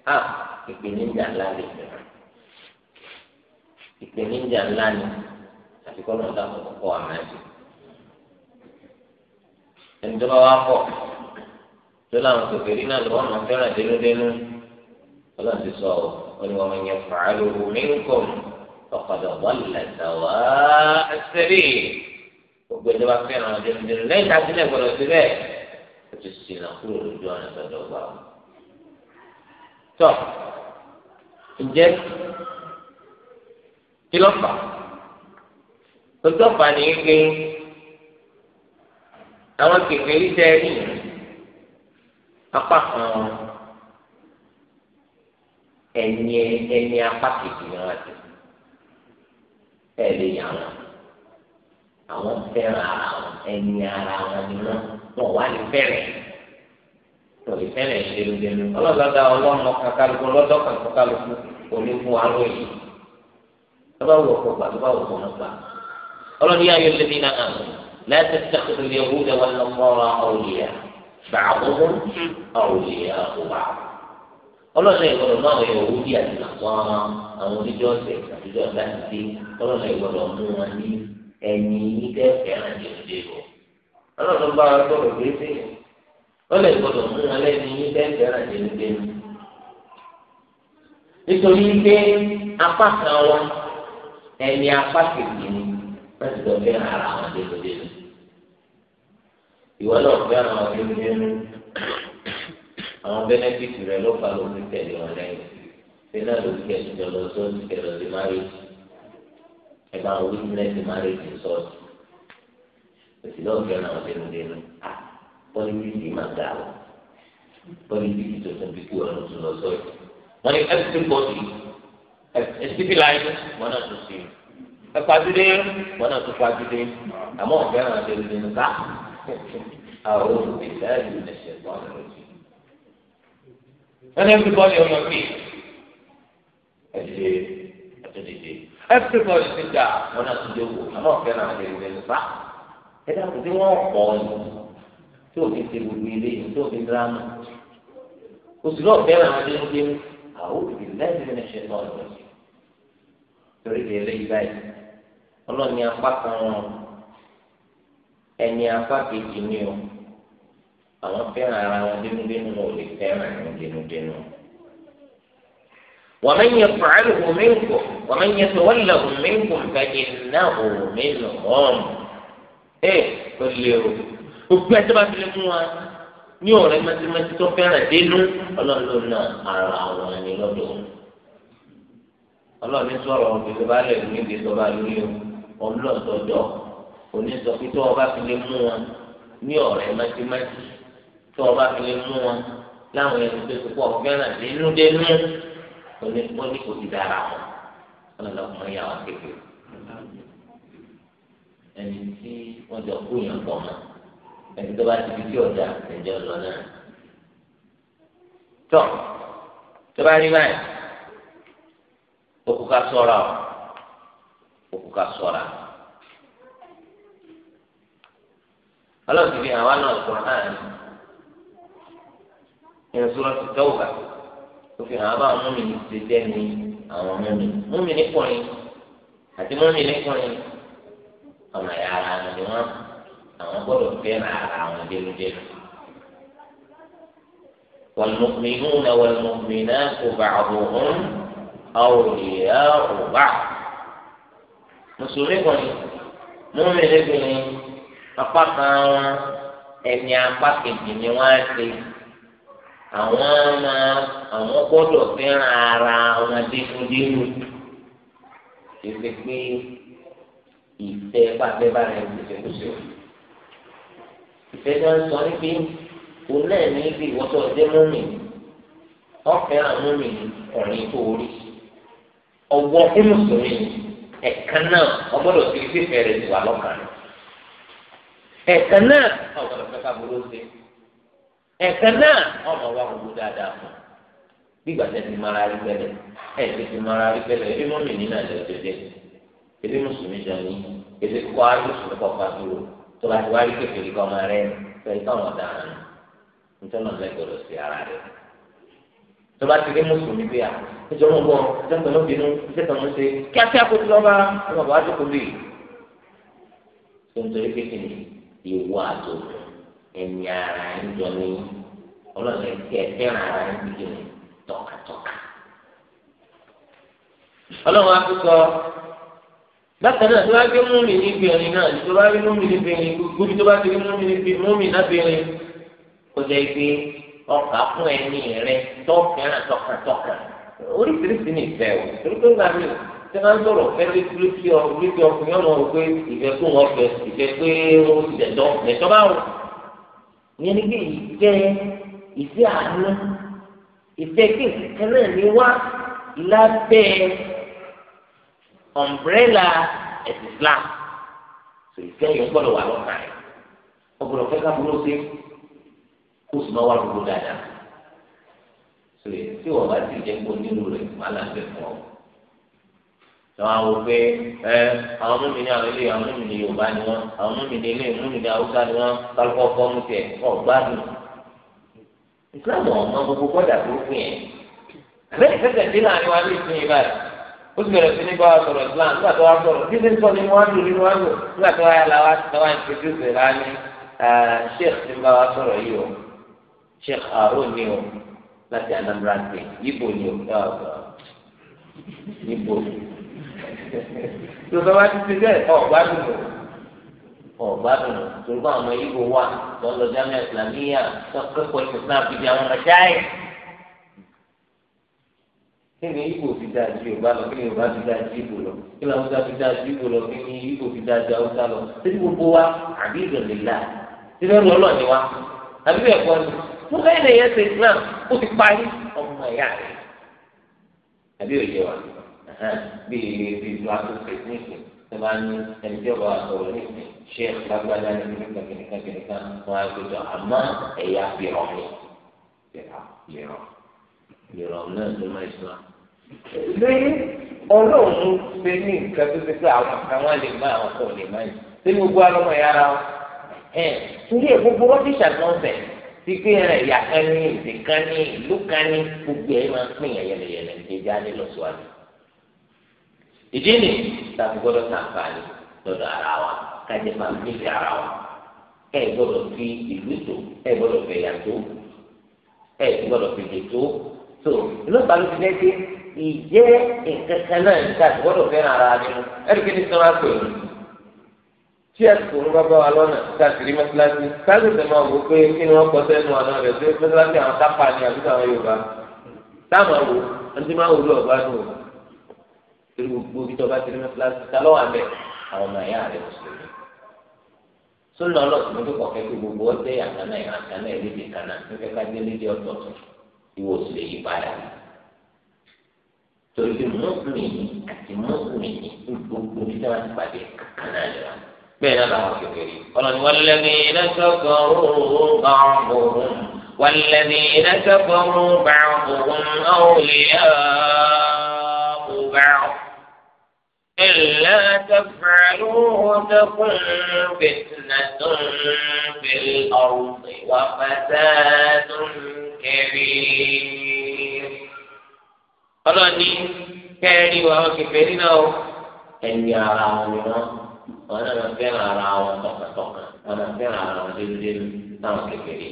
á ah, ìpèníjà ńlá lè bẹ̀ ìpèníjà ńlá ni àti kọ́ ló ń dàpọ̀ kọ́ àmà jù ẹni tó bá wá pọ̀ tó láwọn kòkèrè náà lọ́wọ́ máa fẹ́ràn dénúdénú ọlọ́run ti sọ ọ́ wọ́n ni wọ́n máa yẹ fàálù minkum faqad dhalla sawaa as-sabil gbogbo ẹni tó bá fẹ́ràn dénúdénú lẹ́yìn tá a ti lẹ́ gbọ́dọ̀ síbẹ̀ ó ti sìn náà kúrò lójú ọ̀nà tó dọ̀gba ọ́ tọ ǹjẹ́ kí ló fà tòótọ́ fà ní gbé àwọn kékeré tẹ ẹ nìyẹn apá kan ẹni ẹni apá kékeré wọn ti ẹ lè yà wọn àwọn fẹ́ràn ara wọn ẹni ara wọn ni wọn wọn wà ní fẹ́rẹ̀ tòlí fẹ́lẹ̀ ìdẹ́nudẹ́nu ọlọ́dọ̀dà ọlọ́mọ kankaluku lọ́dọ̀ kankaluku onígun arọ yìí lọ́ba wù ọkọ̀ gbà lọ́ba wù ọkọ̀ gbà ọlọ́dún yà yọ lẹ́bí náà àná láti tẹ̀sán yẹ̀wù dẹ̀wà lọ́mọ́ra ọ̀lìyà bàbáwò ọ̀lìyà ọ̀bà ọlọ́dún ìgbọ̀dọ̀ máa wọ yẹ̀wù bí àtìlá wọn àwọn oníjọ́ ọ̀sẹ̀ àtijọ́ láti dé lọ́lẹ̀ gbọ́dọ̀ mú wọn lẹ́nu yín dẹ́gbẹ̀rẹ̀ dénúdénú. nítorí pé apá kan wọn ẹni apá kejì ni wọ́n ti lọ fẹ́ràn ara wọn dénúdénú. ìwọ náà fẹ́ràn wọn dénúdénú àwọn bẹ́nẹ́fìtì rẹ ló fa lórí tẹ̀lé wọn lẹ́yìn pé náà ló ti ẹ̀sìn jọ lọ sọ́ọ́sì kẹlọ́ ti má rí ẹ̀ bá wí sílẹ̀ ti má rí ti sọ́ọ̀sì òsì lọ́ọ̀ fẹ́ràn wọn dénúdénú pọlitiki máa ga ọ pọlitiki tó tún bí kú ọdún tó lọ sọ yìí wọn ni ẹsẹ bọdì ẹsẹ bí láyé wọn náà tún sí ẹfadúdé wọn náà tún fadúdé àmọ́ ọgbẹ náà ṣe lè nù ká àwọn olùdíje ẹni ẹsẹ bọdì lọsí wọn ni ẹsẹ bọdì ọmọ mi ẹsẹ ẹtọdìde ẹsẹ bọdì ti dà wọn náà tún dé wò àmọ́ ọgbẹ náà ṣe lè nù ká ẹ dàgbé tí ò ní ṣe gbogbo ilé yìí tí ò ní dírámà oṣù náà fẹ́ràn àwọn adéńdéńdé àwọn òbí lẹ́yìn ní ṣe náà lọ sí torí di eléyìí báyìí ọlọ́ni apá kan wọn ẹni apá kejì ni o àwọn fẹ́ràn ara wọn dénúdénú wọn ò lè fẹ́ràn àwọn dénúdénú. ومن يفعله منكم ومن يتوله منكم فإنه منهم إيه كل يوم gbogbo ẹjọ́ bá fi lè mú wa ní ọ̀rẹ́ mẹtimẹti tó fẹ́ràn dénú ọlọ́run náà ara àwọn ẹni lọ́dọ̀ ọlọ́run ní sọ̀rọ̀ gbèsè bá lẹ̀ ní gbèsè bá lórí o ọlọ́dọ̀dọ̀ onísọ̀kí tó ọba fi lè mú wa ní ọ̀rẹ́ mẹtimẹti tó ọba fi lè mú wa láwọn ẹni tó ti pọ̀ fẹ́ràn dénú dénú oní kò ti dára wọn ọlọ́run yà wá kékeré ẹni tí wọ́n jọ kú yàn pọ̀ mọ́ ẹni tó bá ti fi kí ọjà ẹjọ́ lọ náà tọ tó bá rí báyìí òkú ká ṣọ́ra ọ òkú ká ṣọ́ra Ọlọ́run ti fi hàn wá náà sọ̀rọ̀ náà ni ìrìn sọ̀rọ̀ ti tọ́wọ́ bá ó fi hàn wá báwọn mú mi ní ti dẹ́ ni àwọn mú mi mú mi ní kùnrin àti mú mi ní kùnrin ọmọ ìyá ara ni wọ́n àwọn gbọ́dọ̀ fẹ́ràn ara àwọn dénúdénú. والمؤمنون والمؤمنات بعضهم أولياء بعض مسلمين مؤمنين بني apá kan wọn ẹni apá kejì ni wọn á ṣe àwọn máa àwọn gbọ́dọ̀ fẹ́ràn ara wọn dénúdénú ṣe pé ìfẹ́ bá fẹ́ bá rẹ ṣe kó ṣe òfin. ìfẹ́ tó ń sọ ní pé kò náà ní ibi ìwọ́sọ̀ ọdẹ ọ̀rìn tó orí ọwọ́ fún ẹ̀ka náà ọgbọ́dọ̀ fi fífẹ́ rẹ̀ ti wà ẹ̀ka náà ọgbọ́dọ̀ fẹ́ ká burú sí ẹ̀ka náà ọmọ wa kò dáadáa fún gbígbà tẹ́ ti mara rí bẹ́lẹ̀ ẹ̀ ti mara rí bẹ́lẹ̀ ebi múmi nínú àjọ ebi tó bá ti wá rí kékeré kọ́ ọmọ rẹ fẹ́ tọ̀nà dáhùn nítorí ọ̀nà gbọdọ̀ sí ara rẹ tó bá ti rí mùsùlùmí bíyà ìjọ mọ̀ bọ̀ ìjọ pẹ̀lú obìnrin iṣẹ́ kan ló ṣe kíákíá kó ti lọ́ba ọmọ bàbá tó kó bíi tó ń torí kékeré ìwọ àtòkùn ẹ̀yìn ara ń jọ ní ọlọ́ọ̀lẹ́ tí ẹ ara ń bí kí ni tọkàtọkà ọlọ́run á tún sọ bákan náà tó bá gbé múmi níbìrin náà tó bá gbé múmi níbìrin gbogbo tó bá ti gbé múmi níbìrin múmi nábìrin kò jẹ́ pé ọkà fún ẹni rẹ tọ́kẹ́rán tọkàntọkàn oríṣiríṣi ní ìfẹ́ o torí pé ńlá mi tí wọ́n sọ̀rọ̀ fẹ́ létí ọkùnrin ọkùnrin ọ̀nà rò pé ìfẹ́ tó wọ́n fẹ́ ìfẹ́ pé ó ti dẹ̀dọ́ lẹ́tọ́ bá wù. ìyẹn ní bí ìfẹ́ ìfẹ́ àánú ìfẹ́ kéèké náà ní wá lábẹ́ ọmbrẹ́là ẹ̀sìn Islam sọ ìfẹ́ yẹn gbọ́dọ̀ wà lọ́kàn rẹ̀ ọgbọ́dọ̀ fẹ́ ká burú sí kó sì máa wà lóko dáadáa sọ yẹ tí wọ́n bá ti jẹ́ kó nínú rẹ̀ wàhálà ń bẹ̀ fún ọ. lọ́wọ́ àwọn pé ẹ àwọn mímì ní àwọn ilé àwọn mímì ní Yorùbá ni wọ́n àwọn mímì ní ilé mímì ní Haúsá ni wọ́n kálukọ́ fọ́ọ̀mù tiẹ̀ ọ̀gbádùn. Islam ọ̀mọ gbogbo gbọ́dọ̀ burúkú yẹn àbẹ́ẹ̀kẹ́kẹ́ dín láàrin wa ní ìsinyìí báyìí ó sì bẹ̀rẹ̀ sí ní bá wa sọ̀rọ̀ Islam nígbà tó wá sọ̀rọ̀ bí sẹ́ni sọ ni wọ́n á lò nínú wájú nígbà tó wáyà la wá tàwa ìpèjúṣe rà ní sheikh ti bá wa sọ̀rọ̀ yìí o sheikh Harun ni o láti Anambra ṣe ibo ni o ibo tòtò wá ti ti bẹ́ẹ̀ ọ̀gbádùn o ọ̀gbádùn o tòlùkọ́ àwọn ibo wa lọ́lọ́ jamiu islamiyya tó kẹ́kọ̀ọ́ ìsìlám kí ni ibo fi dáa ju yorùbá lọ kí ni yorùbá fi dáa ju ibo lọ kí ni haúsá fi dáa ju ibo lọ kí ni ibo fi dáa ju haúsá lọ títí gbogbo wa àbí ìdọ̀lélà tí lẹ́nu ọlọ́ọ̀ni wa àbí ẹ̀kọ́ ni mo fẹ́ lè yẹ ṣe islam ó ti parí ọmọ ẹ̀yà rẹ̀ àbí òye wa bí ilé bí ìlú akókè nísìn tó máa ní ẹni tí ọba sọ̀rọ̀ nísìn ṣé lágbájá ní kíníkan kíníkan kíníkan wọn á gbẹjọ àmọ́ ẹ̀yà bìrọ̀ mi bìrọ̀ bìrọ̀ bìrọ̀ náà ló máa islam. lẹ́yìn ọlọ́run ṣe ní nǹkan tó ti pé àwọn kan lè má àwọn kan lè má yìí ṣé gbogbo alọ́mọ ẹ̀ ara wọn torí ẹ̀ gbogbo rọ́bìṣà tó ń bẹ̀ pé ẹ̀rẹ̀ ìyá kan ní kan ní ìlú kan ní gbogbo ẹ̀ máa ń pín ìdí ni tàbí ara wa máa ń ara wa ẹ fi ìlú tó ẹ fẹ̀yà tó ẹ ìjẹ́ nǹkan kan náà níta gbọ́dọ̀ fẹ́ràn ara rẹ mu ẹ̀rí kí ni sọ wá pè é tí ẹ̀sùn ń bábá wa lọ́nà tá a sì rí mọ́sálásí sáré tẹ̀mọ́ wò pé kí ni wọ́n kọ́ sẹ́nu àná rẹ̀ pé mọ́sálásí àwọn tápà ni àbí àwọn Yorùbá táwọn wò ẹni tí máa wò lọ bá nù torí gbogbo ibi tó bá ti rí mọ́sálásí tá lọ́wọ́ àbẹ̀ àwọn ọmọ ẹ̀yà rẹ̀ mùsùlùmí. sólù ọlọ́sùn tó torí pé mùsùlùmí àti mùsùlùmí gbogbo ní sábà ti pàdé kankan náà lè ra bẹ́ẹ̀ náà làwọn kékeré ọlọ́ni wàlẹ́bí lẹ́sọ̀kọ̀ ọ̀hún والذين كفروا بعضهم أولياء بعض إلا تفعلوه تكن فتنة في الأرض وفساد كبير ọlọ́ni kẹ́rì wà ó kẹfẹ́ nínú ọ ẹni ara wọn ni wọn wọn náà máa fẹ́ràn ara wọn tọkàntọkà wọn máa fẹ́ràn ara wọn dénúdénú táwọn kẹfẹ́ rí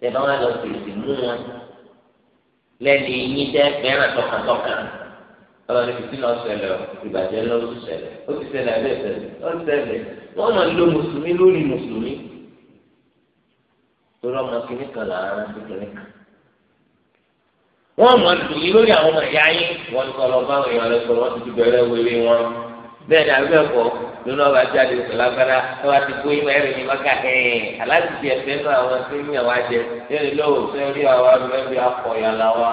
ṣe bá wọn lọ fèsì mú wọn lẹ́ni yín jẹ́ fẹ́ràn tọkàntọkà ọlọ́ni fìtí náà ṣẹlẹ̀ ìbàjẹ́ lọ́sùn ṣẹlẹ̀ ó ti ṣẹlẹ̀ abẹ́ ṣẹlẹ̀ ó ti ṣẹlẹ̀ wọ́n máa lo mùsùlùmí lórí mùsùlùmí torí ọmọ kìnnìkan làárá sí kìnnìkan wọ́n mọ̀ lù yín lórí àwọn ọmọ ìyá yín wọ́n ní kọ́lọ́ bá wọn lọ sọ̀rọ̀ wọ́n ti bẹ̀rẹ̀ wẹ̀rẹ̀ wọn bẹ́ẹ̀ ni àbẹ́ ẹ̀kọ́ lónà ọba jáde lágbára ẹ wá ti kó yín mẹ́rin ní maka ẹ̀ẹ́n aláti ti ẹ̀fẹ́ náà àwọn tí ń yàn wá jẹ lórí lọ́wọ́ sẹ́rí àwa mẹ́rin akọ̀yà làwa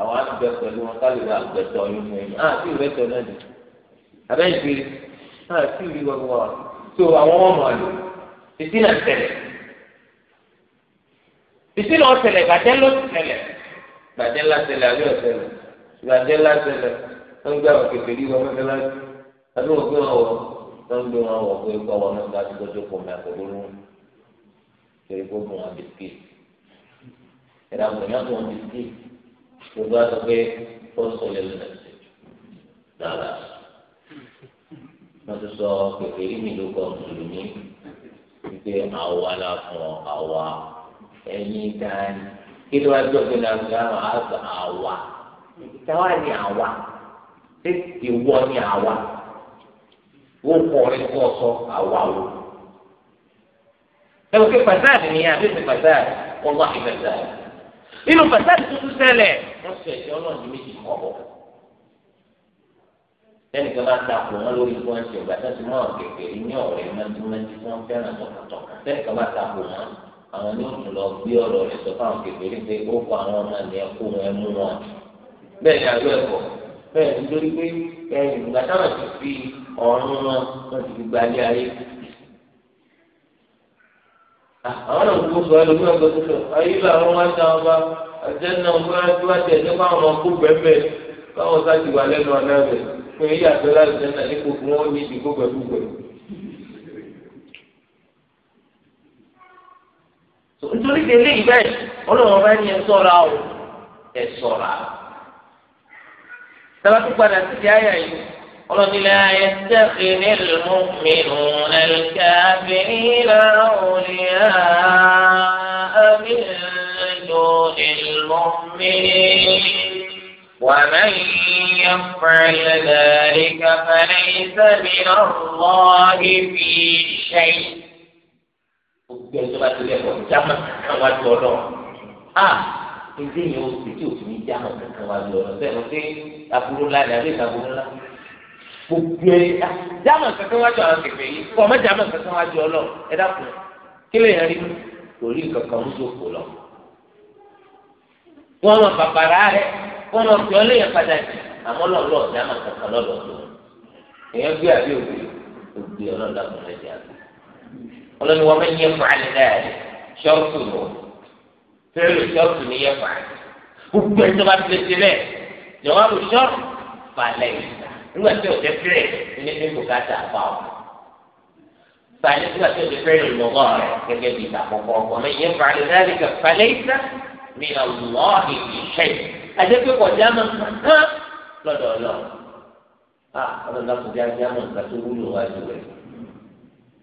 àwa ń bẹ pẹ̀lú wọn kálíwà àgbẹ̀tọ̀ yín mú ẹ̀yìn àti ah, ìrẹ́tọ̀ náà dì abẹ́ ìgbèrè àti ìrí gbogbo wa tó àwọn ọmọ lò ìdí náà tẹ̀lẹ̀ ìdí ìbàjẹ́ ńlá ṣẹlẹ̀ àbí ọ̀sẹ̀ lẹ̀ ìbàjẹ́ ńlá ṣẹlẹ̀ wọ́n gbé àwọn kékeré wọn fẹ́fẹ́ láti àbí wọ́n gbé wọn wọ̀ wọ́n gbé wọn wọ̀ pé kọ́ wọn náà láti gbọ́dọ̀ pọ̀ mẹ́ àkọ́kọ́ ló ń torí kó bùn wọn bisikì ẹ̀rọ àbùn yẹn bùn wọn bisikì gbogbo àti pé ó sọ lè lọ sí dára wọ́n ti sọ kékeré mi ló kọ́ mùsùlùmí wípé àwa la fún ọ dání kí ló wá jọ pé nàìjíríà máa á gbà àwa ìtawá ni àwa ṣé ìwọ ni àwa ó kọ rẹ kọ sọ àwa o. ẹ wò pé pàtàkì ni àbí ṣe pàtàkì wọn wá sí pàtàkì nínú pàtàkì tuntun ṣẹlẹ̀ wọn sọ ẹsẹ Ọlọ́run ní méjì kọ bọ lẹ́nìkan bá ta kù wọn lórí fún ẹsẹ ìgbà tó ti mọ kẹkẹ ní ọ̀rẹ́ mẹtí mẹtí fún fẹ́ràn tọkàtọkà lẹ́nìkan bá ta kù wọn àwọn ní òtún lọ gbé ọ̀rọ̀ rẹ̀ sọ fáwọn kékeré pé ó kọ àwọn ọmọ ní ẹkú wọn ẹ mú wọn bẹ́ẹ̀ ni àlọ́ ẹ̀kọ́ bẹ́ẹ̀ nítorí pé ẹ̀yìn ìgbà táwọn ti fi ọ̀run wọn wọn ti fi gba ilé ayé àwọn náà gbogbo sọ ẹlòmí ọgbẹ tó lọ ayé làwọn wá dá ọba àjẹ náà wọn bá tó àjẹ nípa àwọn ọkọ bẹ́ẹ̀ káwọn sáà ti wà lẹ́nu ọ̀nà nítorí délé yìí bẹ́ẹ̀ ọlọ́run bá ní ẹ sọ́ra o ẹ sọ́ra. sábà tó padà sí ti àyà yìí ọlọ́run ilẹ̀ ayé sẹ́ẹ̀kì nílùú mi nù ẹ̀ka bìnnà òníyà mi nù ìlú mi. ومن يفعل ذلك فليس من الله في شيء gbogbo ẹjọ́ bá ti lẹ́kọ̀ọ́ jámà kankan wá ju ọlọ́ a ìdí yẹn o sì tí o sì ní jámà kankan ju ọlọ́ bẹ́ẹ̀ ló dé aburú ńlá ni àbí ìtàkùn ńlá gbogbo ẹ jámà kankan wá ju àwọn kẹfẹ yìí kọ́ ọmọ jámà kankan wá ju ọlọ́ ẹ dákun kí lè yẹn rí kò rí kankan ó sòfò lọ. wọ́n mọ bàbàrà rẹ̀ wọ́n mọ fi ọlẹ́yìn padà jì àmọ́ lọ́ọ̀lọ́ọ̀ jámà kankan lọ́ọ̀lọ́ọ̀ tó èèyàn gbé àbí òbí òbí ọlọ́ọ̀dà ọlọ́ni wọn máa ń yẹ fàá ní dáadé ṣọ́ọ̀tù lọ fẹ́ẹ́rù ṣọ́ọ̀tù ní yẹ fàá gbogbo ẹni tó bá ti lè ṣe bẹ́ẹ̀ jọ̀wọ́ àrùn ṣọ́ọ̀tù balẹ̀ nígbà tí òjẹ́ fẹ́rẹ̀ ní ní bùkátà bá ọ. balẹ̀ nígbà tí òjẹ́ fẹ́rẹ̀ lọ́wọ́ rẹ̀ gẹ́gẹ́ bí ìtàkùkọ̀ ọkọ̀ máa ń yẹ fàá ní dáadé kà falẹ̀ ìta mi àlọ́ọ̀hì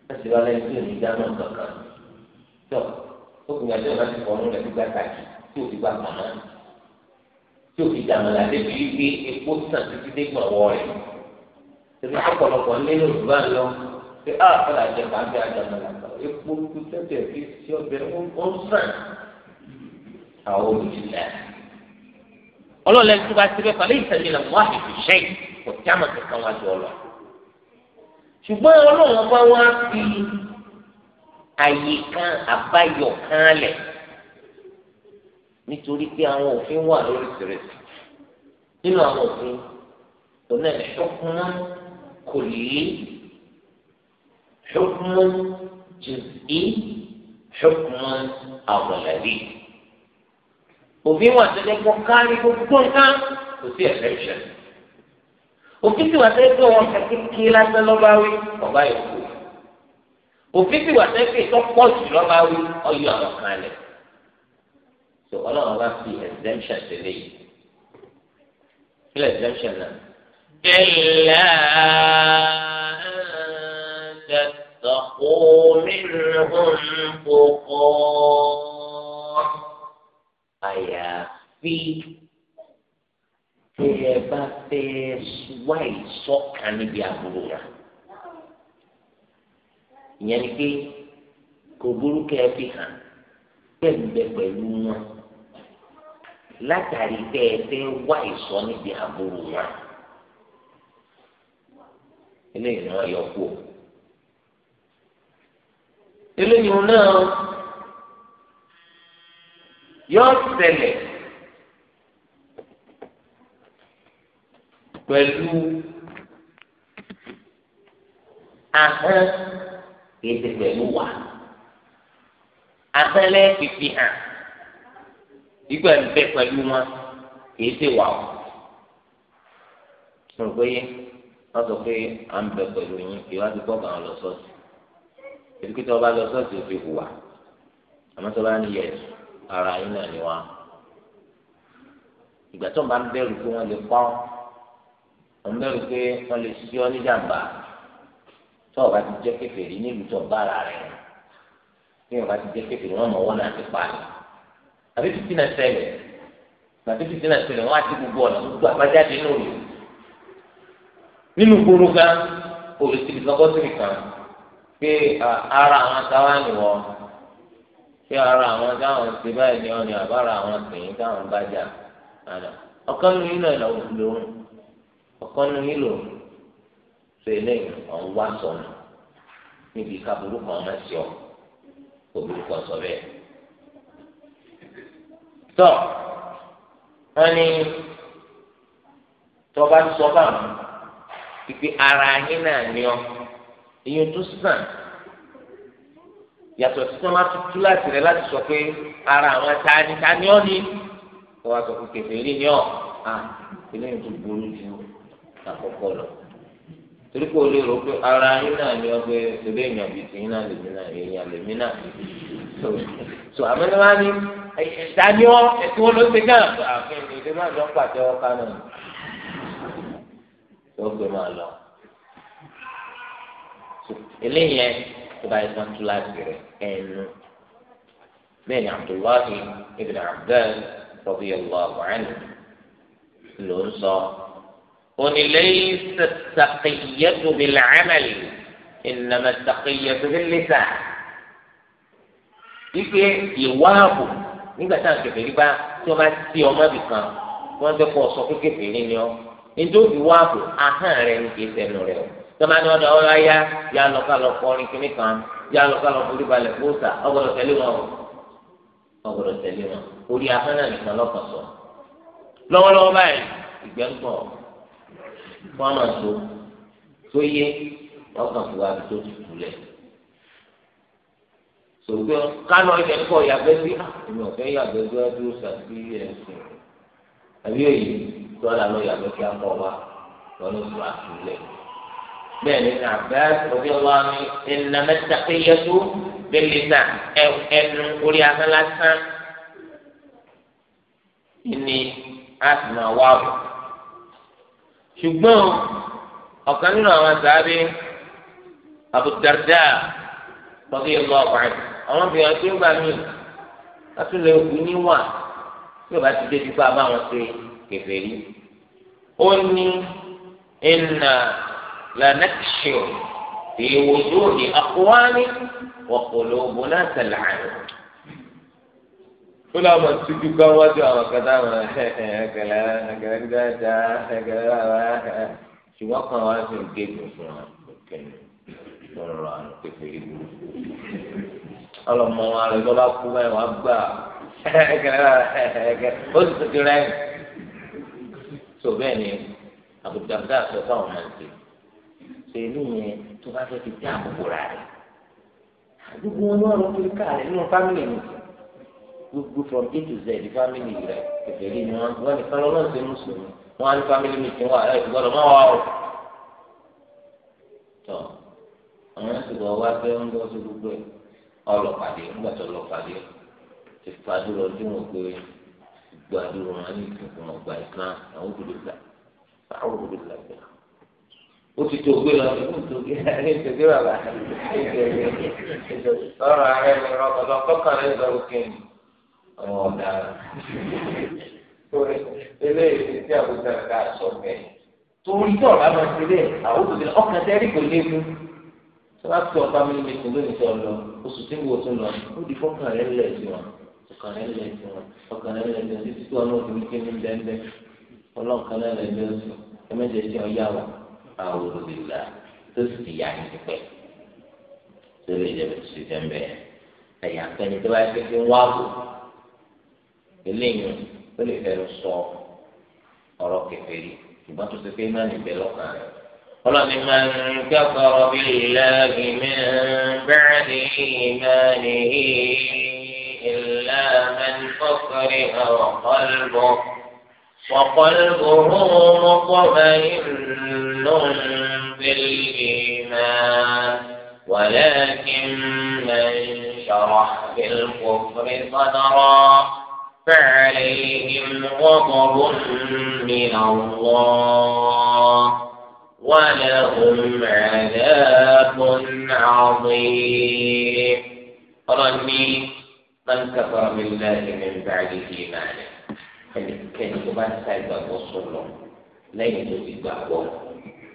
láti wá lẹ́yìn tí òní dáná kankan tó ó kùn yàtọ̀ ìwà ti fọ̀ọ́nù rẹ̀ gbígbà kàkì tí ò fi gbà pàmò tí ò fi dàmàlà débi wípé epo sàn títí dé gbọ̀n wọ rẹ̀ tẹ̀lé ọ̀pọ̀lọpọ̀ nínú ìgbà lọ pé á fọlá jẹ bàbá àdàmàlà epo tó tẹ̀tẹ̀ fi sí ọbẹ̀ ó sàn àwọn olùdílẹ̀ ọlọ́ọ̀lẹ́ni tó bá ti bẹ́ẹ̀ fà lẹ́yìn tẹ̀lé làwọn àṣìṣe ṣùgbọ́n ọlọ́run bá wá fi àyè kan àbáyọ kan lẹ̀ nítorí pé àwọn òfin wà lóríṣiríṣi nínú àwọn òfin kò náà ṣọ́kùnmọ́ kò lè ṣọ́kùnmọ́ jùzí ṣọ́kùnmọ́ àwọ̀lẹ́lẹ́ òfin wà tẹ́lẹ̀ kọ́ kárí gbogbo nǹkan kò sí ẹ̀fẹ́ ìṣẹ̀lẹ̀ òfin ti wà sẹ́yìn pé wọn kékeré lásán lọ́ba wí ọba yòókù òfin ti wà sẹ́yìn pé ìtọ́pọ̀ jù lọ́ba wí ọyọ àwọn kan lẹ̀ tó ọlọ́run bá fi exemption tẹ̀lé yìí kílẹ̀ exemption náà. إلا أن تتقوا منهم تقاة àyàfi tí ẹ bá fẹ́ wá ìṣọ̀kan níbi àbúrò rà ìyẹn ni pé kò burú kẹ́ ẹ fi hàn pẹ̀lú pẹ̀lú wọn látàrí pé ẹ fẹ́ wá ìṣọ́ níbi àbúrò wọn eléyìí ni wọ́n yọ kú o eléyìí náà yọ ṣẹlẹ̀. pẹ̀lú ahọ́n kìí ṣe pẹ̀lú wà ahọ́n lẹ́ẹ̀fìfì hàn ìgbà ń bẹ pẹ̀lú wọn kìí ṣe wà ó mo rò pé wọ́n sọ pé à ń bẹ pẹ̀lú yín kí wọ́n ti gbọ́ kàn án lọ sọ́ọ̀tì èdèkìtì ọba lọ sọ́ọ̀tì òfin hùwà àmọ́ sọ́ba ń yẹ ara yín náà ni wọ́n á ìgbà tó ń bá ń bẹ̀rù pé wọ́n lè pa wọn bẹ̀rù pé wọn lè ṣiṣẹ́ ọ níjàmbá tó o bá ti jẹ́ kèfèrí nílùú tó bá ara rẹ̀ tí o bá ti jẹ́ kèfèrí wọn mọ̀ wọn náà ti pa ni àbí fìtí náà ṣẹlẹ̀ àbí fìtí náà ṣẹlẹ̀ wọn á ti gbogbo ọ̀nà gbogbo àbájáde nínú òòlù nínú gbòòrò olùsíbi lọ́gọ́sìrì kan pé ara àwọn táwa ni wọn pé ara àwọn táwọn ti báyìí ni wọn ni àbára àwọn tèyí táwọn bá jà ọ̀kan nínú ìlànà òfin lòun ọ̀kan nu yín lò so eléyìí ọ̀hún wá sọnù níbi ká burúkú ọmọ sí ọ kò burúkú ọsọ bẹ́ẹ̀. tọ́ wọ́n ní tọ́ba sọ báwọn pípé ara yín náà ní ọ ìyẹn tó sàn yàtọ̀ sí sọ́mà tuntun láti rẹ̀ láti sọ pé ara àwọn tani tani ọ́ ni wọ́n sọ pé kẹfẹ́ rí ni ọ́ à eléyìí tó burú jù ú àkọ́kọ́ lọ torí kò lè rò pé ara yín náà ni ọgbẹ ìṣẹ̀lẹ̀ èèyàn bíi tìyín náà lèmi náà èèyàn lèmi náà so àmọ́ni wá ní ìdáníọ́ ẹ̀sìn wọn ló ṣe náà àfihàn ìdílé máa lọ pàtẹ ọkà náà tó gbé máa lọ eléyẹn tó bá yẹ kí láti rẹ̀ ẹnu bẹ́ẹ̀ ni Abdullahi ibn Abdul radiyallahu anhu ló ń sọ. وليس التقية بالعمل إنما التقية باللسان ike ìwà ààbò nígbà tá à ń kẹfẹ́rí bá tí wọ́n bá ti ọmọ ibì kan wọ́n fẹ́ kọ́ sọ pé kẹfẹ́rí ni ọ́ nítorí ìwà ahọ́n rẹ̀ ní kìí sẹ́nu rẹ̀ o tọ́ba ni wọ́n dọ̀ ọ́ra yá yá lọ́kàlọ́ kọrin kìíní kan yá lọ́kàlọ́ forí balẹ̀ fóòsà ọgbọ́dọ̀ tẹ̀lé wọn o ọgbọ́dọ̀ tẹ̀lé wọn orí ahọ́n náà nìkan lọ́kàn sọ lọ́wọ́lọ́wọ́ báyìí ìgbẹ́ ń gbọ́ wọn máa so tó yé wọn fún wa tó tutù lẹ sògbé kánú ilẹ̀ kọ̀ yàgbẹ́ sí ah, èmi ọ̀fẹ́ yàgbẹ́ sí wájú sàbí ẹ̀sìn àbí òye tó ọ̀là lọ yàgbẹ́ sí akọ wa lọ́nà oṣù àtúlẹ̀ bẹ́ẹ̀ ni àbẹ́ òbí wa ni ìnàmẹ́tàkéyẹ́tò bẹ́lẹ́dà ẹnu orí ahọ́n lásán ni a máa wá ọ̀rọ̀ ṣùgbọ́n ọ̀kan nínú àwọn sàábí Abu Darda lọ́dún yìí lọ́wọ́ ọ̀kan àwọn obìnrin tó ń gbà mí látún lè wù níwà tí o bá ti dé dípò abáwọn ṣe kèfèrí ó ní ìnà lànàkìṣọ èèwò lóde àkúwárí wọ̀pọ̀lọ̀ òbò náà tẹ̀lé àná ó lọ mọ síjú ká wọn ju àwọn kan táwọn ẹkẹlẹ ẹkẹlẹ ní dáadáa ẹkẹlẹ rárá ṣùgbọ́n kan wá sí ìgégun fún wa kẹlẹ lọ́rọ̀ àwọn kékeré dúró ọlọmọ wọn rẹ lọba kú báyìí wọn gbà ẹkẹlẹ rárá ẹkẹlẹ ó sì tuntun rẹ tó ni àbùdàbùdà sọ fáwọn máa ń ṣe ṣe inú yẹn tó bá fẹ́ fi dá àbùkù rà rẹ àdúgbò wọn ni wọn lọ fi ká rẹ nínú gbogbo from a to z ní family rẹ kẹfẹẹri ni wọn wọn nìkan lọ lọsẹ mùsùlùmí wọn á ní family meeting wà láì gbọ́dọ̀ mọ wà o tọ àwọn ìṣòro wa fẹ ń lọ sí gbogbo ẹ ọlọpàdé ńgbà tó lọpàdé ti fàdúrà ọdún wọn pé gbàdúrà wọn ní ìkùnkùn ọgbà islam àwọn òbí lè gbà àwọn òbí lè gbà ó ti tó gbé lọ sí tó gbé ẹ tó gbé bàbá tó gbé ọ̀rọ̀ ààrẹ àwọn ọ̀daràn eléyìí tí àbújá ká sọ bẹ́ẹ̀ torí tí ọ̀rá máa ti lé àwọn òbí ọkàn tẹ́rì kò lé mú tí wọ́n á fi ọ̀pá mi lẹ́kùn lónìí tó lọ oṣù tí mo tún lọ ó di fọ́kàn rẹ̀ lẹ̀ sí wọn ọkàn rẹ̀ lẹ̀ sí wọn ọkàn rẹ̀ lẹ̀ sí wọn títí tí wọn náà fi ní kí ní bẹ́ẹ̀ ọlọ́ọ̀kan náà lẹ̀ lẹ̀ sí ẹ̀mẹ́jẹ̀ tí wọ́n yá wọn àwọn òbí là tó sì ti yá yín pẹ́ tó lè jẹ́ bẹ́ẹ̀ tó sì jẹ́ bẹ́ẹ̀ ẹ̀yà pẹ́ni tó bá yẹ eléyìn ó lè fẹ́ lọ sọ ọ̀rọ̀ kèfèrí ṣùgbọ́n tó ṣe pé má ní bẹ́ẹ̀ lọ́kàn rẹ̀ ọlọ́ni máa ń kẹ́kọ̀ọ́ bí ìlàgì min ba'di imanihi illa man ukriha wa qalbuhu wa qalbuhu mutma'innun بالإيمان ولكن من شرح بالكفر صدرا فعليهم غضب من الله ولهم عذاب عظيم رني من كفر بالله من بعد إيمانه ẹnikẹ́ni tó bá ta ìgbàgbọ́ sọ̀rọ̀ lẹ́yìn tó ti gbàgbọ́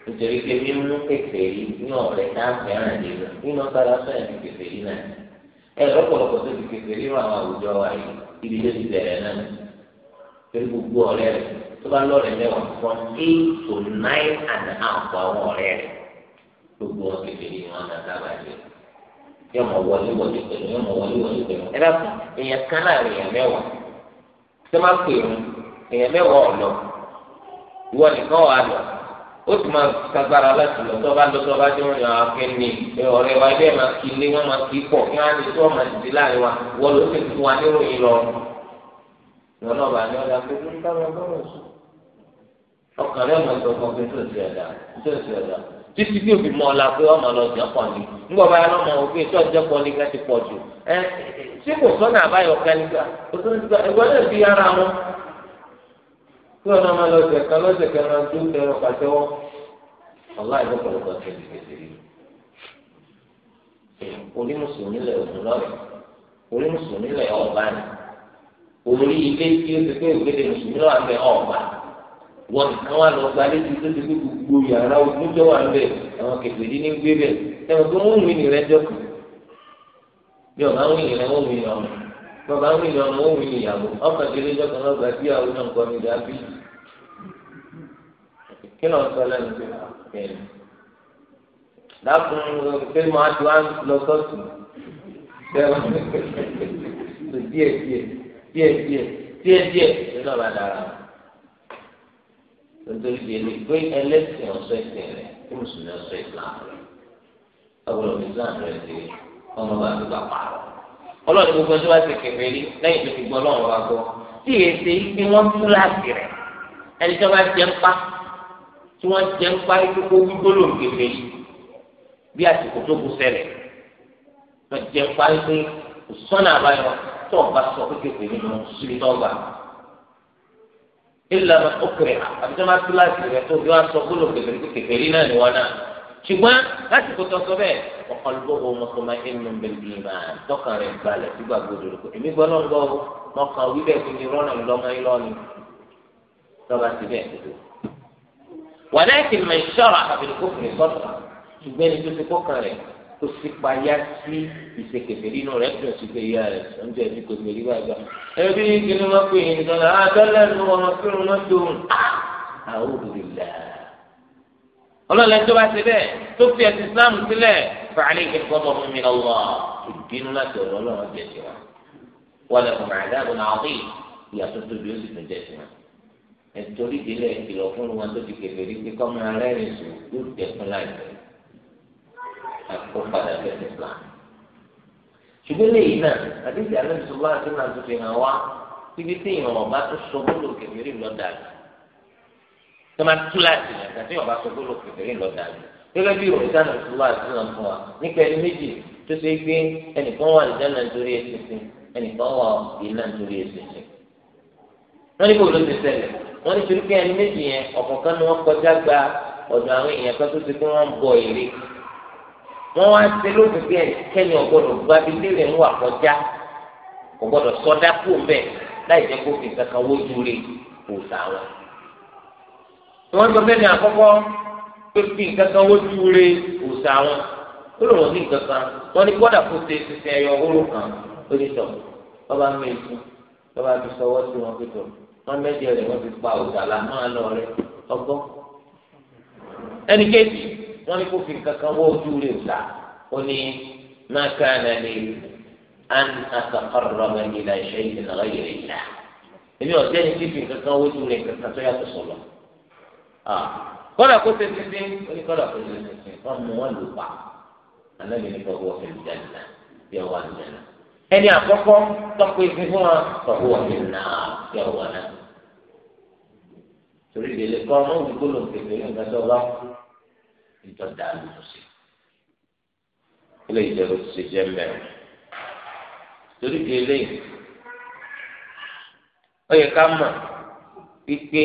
nítorí pé mímú kékeré ní ọ̀rẹ́ tá a fẹ́ràn nínú nínú ọ̀sára sọ̀rọ̀ ní kékeré náà ẹ lọ́pọ̀lọpọ̀ tó ti kékeré nínú àwọn àwùjọ wa yìí ibi tó ti bẹ̀rẹ̀ náà pẹ̀lú gbogbo ọ̀rẹ́ rẹ̀ tó bá lọ́rẹ̀ mẹ́wàá from eight to nine and a half àwọn ọ̀rẹ́ rẹ̀ gbogbo kékeré ni wọ́n náà dábàá jẹ yóò mọ wọlé wọlé pẹ̀lú yóò mọ wọlé wọlé pẹ̀lú ẹ dàpọ̀ èèyàn kan láàrin èèyàn mẹ́wàá tó máa pè é èèyàn mẹ́wàá ọ̀lọ́ ìwọ nìkan wà lọ́ọ́ ó sì máa kagbára láti lọ tó bá lọ tó bá yàn ni ọ̀rẹ́ wa máa kí ilé wọn máa kí pọ̀ kí wọ́n á ti tó ọmọ láàrin wa wọ́n ló sì fún wa níròyìn lọ. lọ́nà ọ̀bà ni ọ̀dà pé ló ń bá wọn lọ́rọ̀ sùn. ọkàn rẹ̀ mọ̀ ìtọ́ pé tó ti ẹ̀dá tó ti ẹ̀dá títí bí òbí pé ọmọ lọ ni nígbà tó ni tí wọn náà máa lọ sẹ̀ka lọ́sẹ̀kẹ́ máa dún tẹ̀wọ́ pàtẹ́wọ́ ọ̀la ìdọ́kọ̀lọ́kọ̀ tẹ̀lé kékeré orí mùsùlùmí lẹ̀ ọ̀dùn lọ́rẹ̀ orí mùsùlùmí lẹ̀ ọ̀bá ni orí ilé tí ó ti pé ògbéde mùsùlùmí lọ́wọ́ àbẹ̀ ọ̀bá wọn nìkan wà lọ gba létí tó ti pé gbogbo yàrá ojújọ́ wà ńbẹ̀ àwọn kẹfìrí ní gbé bẹ̀ ẹ̀wọ̀n tó ń wù mí nìrẹ́jọ́ bí ọ̀gá ń wù mí nìrẹ́ wọ́n bàbá ń rìn ọmọ òun ní ìyàwó ọkàn délé jọ kan lọgbà bí àwọn náà kọ nígbà bí kí ló ń sọ lẹ́nu pé bẹ́ẹ̀ dákun pé máa tó á lọ sọ́ọ̀tù sẹ́wọ̀n díẹ̀ díẹ̀ díẹ̀ díẹ̀ díẹ̀ díẹ̀ nínú ọba dára nítorí délé pé ẹlẹ́sìn ọ̀sọ́ ẹ̀sìn rẹ̀ kí mùsùlùmí ọ̀sọ́ ìsìlámù rẹ̀ ọgbọ̀n ìsìlámù rẹ̀ ti ọmọ bàbá bàbá rẹ̀ ọlọ́run gbogbo ẹjọ́ bá ti kẹfẹ́ rí lẹ́yìn tó ti gbọ́ ọlọ́run wa gbọ́ tí èsè ni wọ́n tú láti rẹ̀ ẹni tó bá jẹ́ ńpa tí wọ́n jẹ́ ńpa kókó gbígbóló kẹfẹ́ rí bí àsìkò tó kù ṣẹlẹ̀ tó jẹ́ ńpa pé kò sọ́nà àbáyọ tó ọba sọ pé kẹfẹ́ rí lọ síbi tó gbà ìlànà ọkùnrin àbí tó bá tú láti rẹ̀ tó bí wọ́n sọ gbóló kẹfẹ́ rí náà ni wọ́n náà ṣùgbọ́n láti kó tọ́sọ bẹ́ẹ̀ ọ̀kọ̀lùbọ̀wò mọ̀kànmá ẹnu bẹ̀rẹ̀ ìmọ̀ àtọ́kàn rẹ̀ balẹ̀ nígbà gbọdọ̀ lóko èmi gbọ́ lọ́nà gbọ́ mọ̀kàn wí bẹ́ẹ̀ fi ni rọ́nà lọ́mọ yín lọ́ni lọ́ba ti bẹ́ẹ̀ tó. wà láìsí mọ̀ ìṣọ́ra àbẹ̀lẹ̀kọ́ fún mi sọ́tọ̀ ṣùgbọ́n ẹni tó ti kọ́kàn rẹ̀ tó ti payá sí ìṣèkèfèrí sí pé ìyá rẹ̀ oúnjẹ ti kò gbèrè gbàgbà. ẹbí kìnnìún máa ọlọ́lẹ̀ tó bá ṣe bẹ́ẹ̀ tó fi ẹ̀sìn islam sílẹ̀ fàálì ìfọ̀bọ̀ fún mi lọ́wọ́ ìbínú láti ọ̀dọ̀ ọlọ́run jẹ sí wa wọ́n lè fún àdáàbò náà rí ìyàtọ̀ tóbi ó sì tún jẹ sí wa ẹ̀tọ́rí ìdílé ìkìlọ̀ fún wọn tó ti kẹfẹ́ rí pé kọ́mọ arẹ́rìn sùn yóò dẹkùn láìpẹ́ àkókò padà fẹ́ẹ́ islam ṣùgbọ́n léyìí náà àdéhùn àlẹ́ tó máa tú láti yẹn kàtí ọba sọ gbọ́dọ̀ kékeré lọ dàbí gẹ́gẹ́ bí ìròyìn sáà nàìjíríà wà sí náà fún wa nípa ẹni méjì tó ṣe gbé ẹnìkan wà lè dáná nítorí ẹsìn ẹnìkan wà ìlànà nítorí ẹsìn wọn ní kò ló ti ṣẹlẹ̀ wọn ní torí pé ẹni méjì yẹn ọ̀kọ̀ọ̀kan ni wọ́n kọjá gba ọ̀dọ̀ àwọn èèyàn kan tó ti pé wọ́n ń bọ èrè wọ́n wá ṣe lóògùn bí ẹnikẹ́ni ọ̀gbọ́dọ̀ gba bí léèrè ń wà kọjá ọ̀gbọ́dọ̀ sọdá kó bẹ́ẹ̀ láì jẹ́ kó fi kankan wójú rè kò sáwọn wọ́n sọ fẹ́mi àkọ́kọ́ pé kí nǹkan kan wójú re òòsà wọn ó lòun ní nǹkan kan wọ́n ní gbọ́dọ̀ kó ṣe ṣiṣẹ́ ẹyọ hóró kan ó ní sọ wọ́n bá mú èso wọ́n bá fi sọwọ́ sí wọn pẹ̀tọ̀ wọ́n mẹ́jẹ rẹ̀ wọ́n fi pa òòsà la máa lọ rẹ ọgbọ́. ẹnì kejì wọ́n ní kó fi nǹkan kan wọ́ re òòsà ó ní má káàna lè an àtàkọ́rọ̀ mẹ́rin ìlà ìṣẹ́yìn ìlà ọ̀yẹ̀rẹ̀ ìlà èmi ọ̀jẹ́ ni kí fi nǹkan kan wójú re nǹkan tó yàtọ̀ sọ̀rọ̀ Ah, kọ́dà kó ṣe títí ó ní kọ́dà kó ṣe títí wọ́n mú wọn lò pa ànábi ní kọ́ wọ́n fẹ́ẹ́ jẹ́ nà bí ọwọ́ àjẹ́ nà ẹni àkọ́kọ́ tọ́pọ̀ ìfín fún wa tọ́pọ̀ wọ́n fi nà bí ọwọ́ nà torí ìdílé kọ́ ọ́n ó gbóló pèpè ní nǹkan tó bá ìjọ dà lóṣù sí ilé ìjọba ti ṣe jẹ́ mẹ́rin torí ìdílé ó yẹ ká mọ̀ pípé.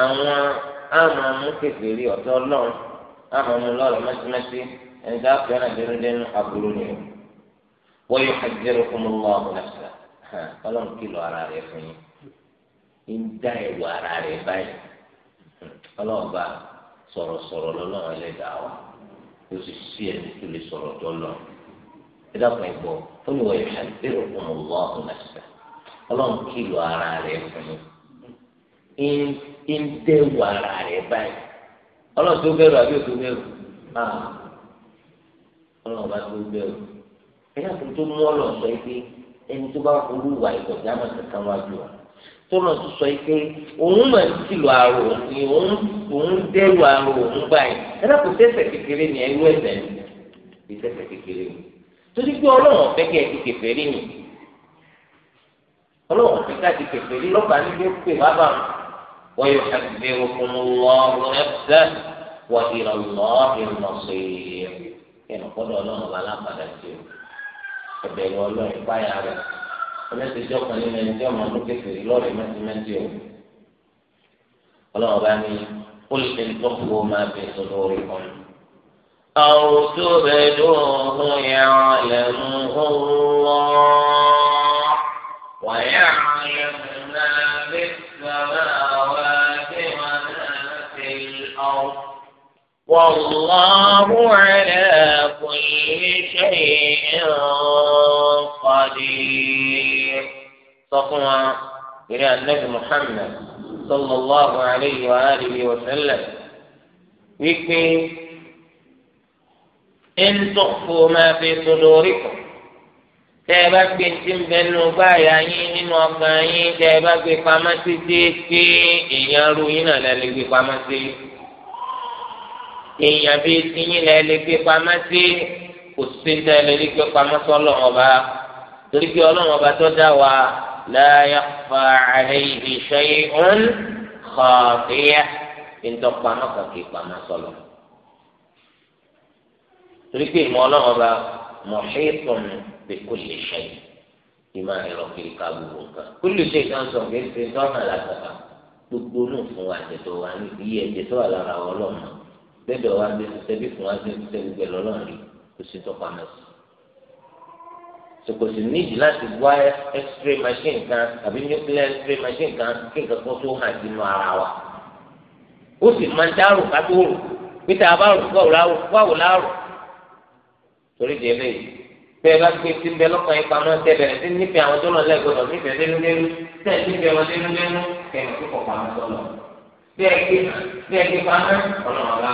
àwọn àmọ́ mú kékeré ọ̀tọ̀ ọlọ́run àmọ́ mú lọ́rọ̀ mẹ́tímẹ́tí ẹni tá a fẹ́ràn dénúdénú aburú ni o wọ́n yóò ká jẹ́rọ fún mi lọ́wọ́ ọ̀hún ẹ̀sẹ̀ ọlọ́run kìlọ̀ ara rẹ̀ fún yín ń dá ẹ̀rù ara rẹ̀ báyìí ọlọ́run bá sọ̀rọ̀sọ̀rọ̀ lọ́lọ́run ẹlẹ́dàá wa yóò sì sí ẹni tó lè sọ̀rọ̀ tó lọ́run ẹ̀dá kan ẹ̀gbọ́ fún mi lọ́wọ́ ọ̀hún ẹ̀sẹ̀ ọlọ́run kìlọ̀ ara rẹ̀ fún yín ń dẹ wàrà rẹ báyìí ọlọ́run tó bẹ̀rù àbí òtún bẹ̀rù ah. ọlọ́run bá tó bẹ̀rù ẹ̀yà tó tó mú ọlọ́run sọ pé ẹni tó bá forú wà ìkọjá mọ̀ kankan wájú wa tó lọ tó sọ pé òun mà ń kìlọ̀ àrò ni òun òun dẹ́rù àrò òun báyìí ẹ̀dá kò sẹ́sẹ̀ kékeré ni ẹ̀rú ẹ̀sẹ̀ ni kò sẹ́sẹ̀ kékeré ni torí pé ọlọ́run ọ̀fẹ́ kẹ́ ẹ̀ ti kẹfẹ́ rí ni ọlọ́run ọ̀fẹ́ ويحذركم الله نفسه وإلى الله المصير ẹnu kọdọ Ọlọ́run ọba alápàdà sí o ẹbẹrẹ Ọlọ́run ìpáyà rẹ ọlọsẹjọ kan nínú ẹni tí ọmọ ọdún kékeré lọrẹ mẹtìmẹtì o Ọlọ́run ọba ní olùsìn tó kó máa bẹ sọ́dọ̀ orí kan. أو تبدوه يعلمه الله ويعلم ما في السماوات وما في الأرض والله على كل شيء قدير صفوة إلى النبي محمد صلى الله عليه وآله وسلم يكفي إن تخفوا ما في صدوركم tẹ ẹ bá gbé tí ń bẹ nínú báyà yín nínú ọkàn yín tẹ ẹ bá gbé pamọ́ títí tí èèyàn ru yín náà lẹ́lẹ́ gbé pamọ́ sí èèyàn bíi ti yín lẹ́lẹ́ gbé pamọ́ sí kò sí tẹ lẹ́lẹ́ gbé pamọ́ sọ́lọ́ ọba torí pé ọlọ́run ọba tó dá wa la yakhfa alayhi shay'un khafiyah ntọ́ pamọ́ kan kì í pamọ́ sọ́lọ́ torí pé ìmọ̀ ọlọ́run ọba mọ̀ ṣe é pọ̀ mọ́ pé kó lè ṣe ìmọ̀ ẹ̀rọ kiri ká gbogbo nǹkan kó lè ṣe ìdánsọ̀ kéṣe tọ́nà làkàkà gbogbo náà fún wa àjẹtọ̀ wa ní iye àjẹtọ̀ wa lára wa ọlọ́mọ bẹ́ẹ̀ wa bí ṣiṣẹ́ bí fún wa bí ṣiṣẹ́ gbogbo lọ́lọ́run kò sí tọ́pa náà sí. sòkòtì níjì láti wá x machine kan àbí nuclear x machine kan kí nǹkan kan tó hàn sínú ara wa. ó sì máa ń dárò ká tó rò pété abárò wáwò láàrò torí di eléyìí tẹ ẹ bá gbé tí ń bẹ lọ́kàn yín pamọ́ tẹ bẹ̀rẹ̀ sí nífẹ̀ẹ́ àwọn tó lọ lẹ́gbọ̀dọ̀ nífẹ̀ẹ́ lẹ́nu lẹ́nu tẹ ẹ nífẹ̀ẹ́ wọn lẹ́nu lẹ́nu kẹ ẹ kó pọ̀ pamọ́ sọ́lọ̀ bí ẹ gbé bí ẹ gbé pamọ́ ọ̀nà ọ̀la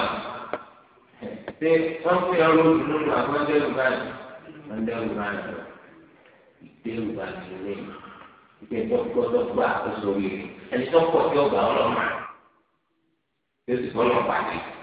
ṣe wọ́n fún yàrá olóògùn nínú àwọn ọ̀dẹ́ ìbáyìí ọ̀dẹ́ ìbáyìí ìdè ìbáyìí lé ìdè dọ́gbọ́dọ́gba oṣooṣù ẹni tó pọ̀ tí ọgbà ọlọ́mà yóò sì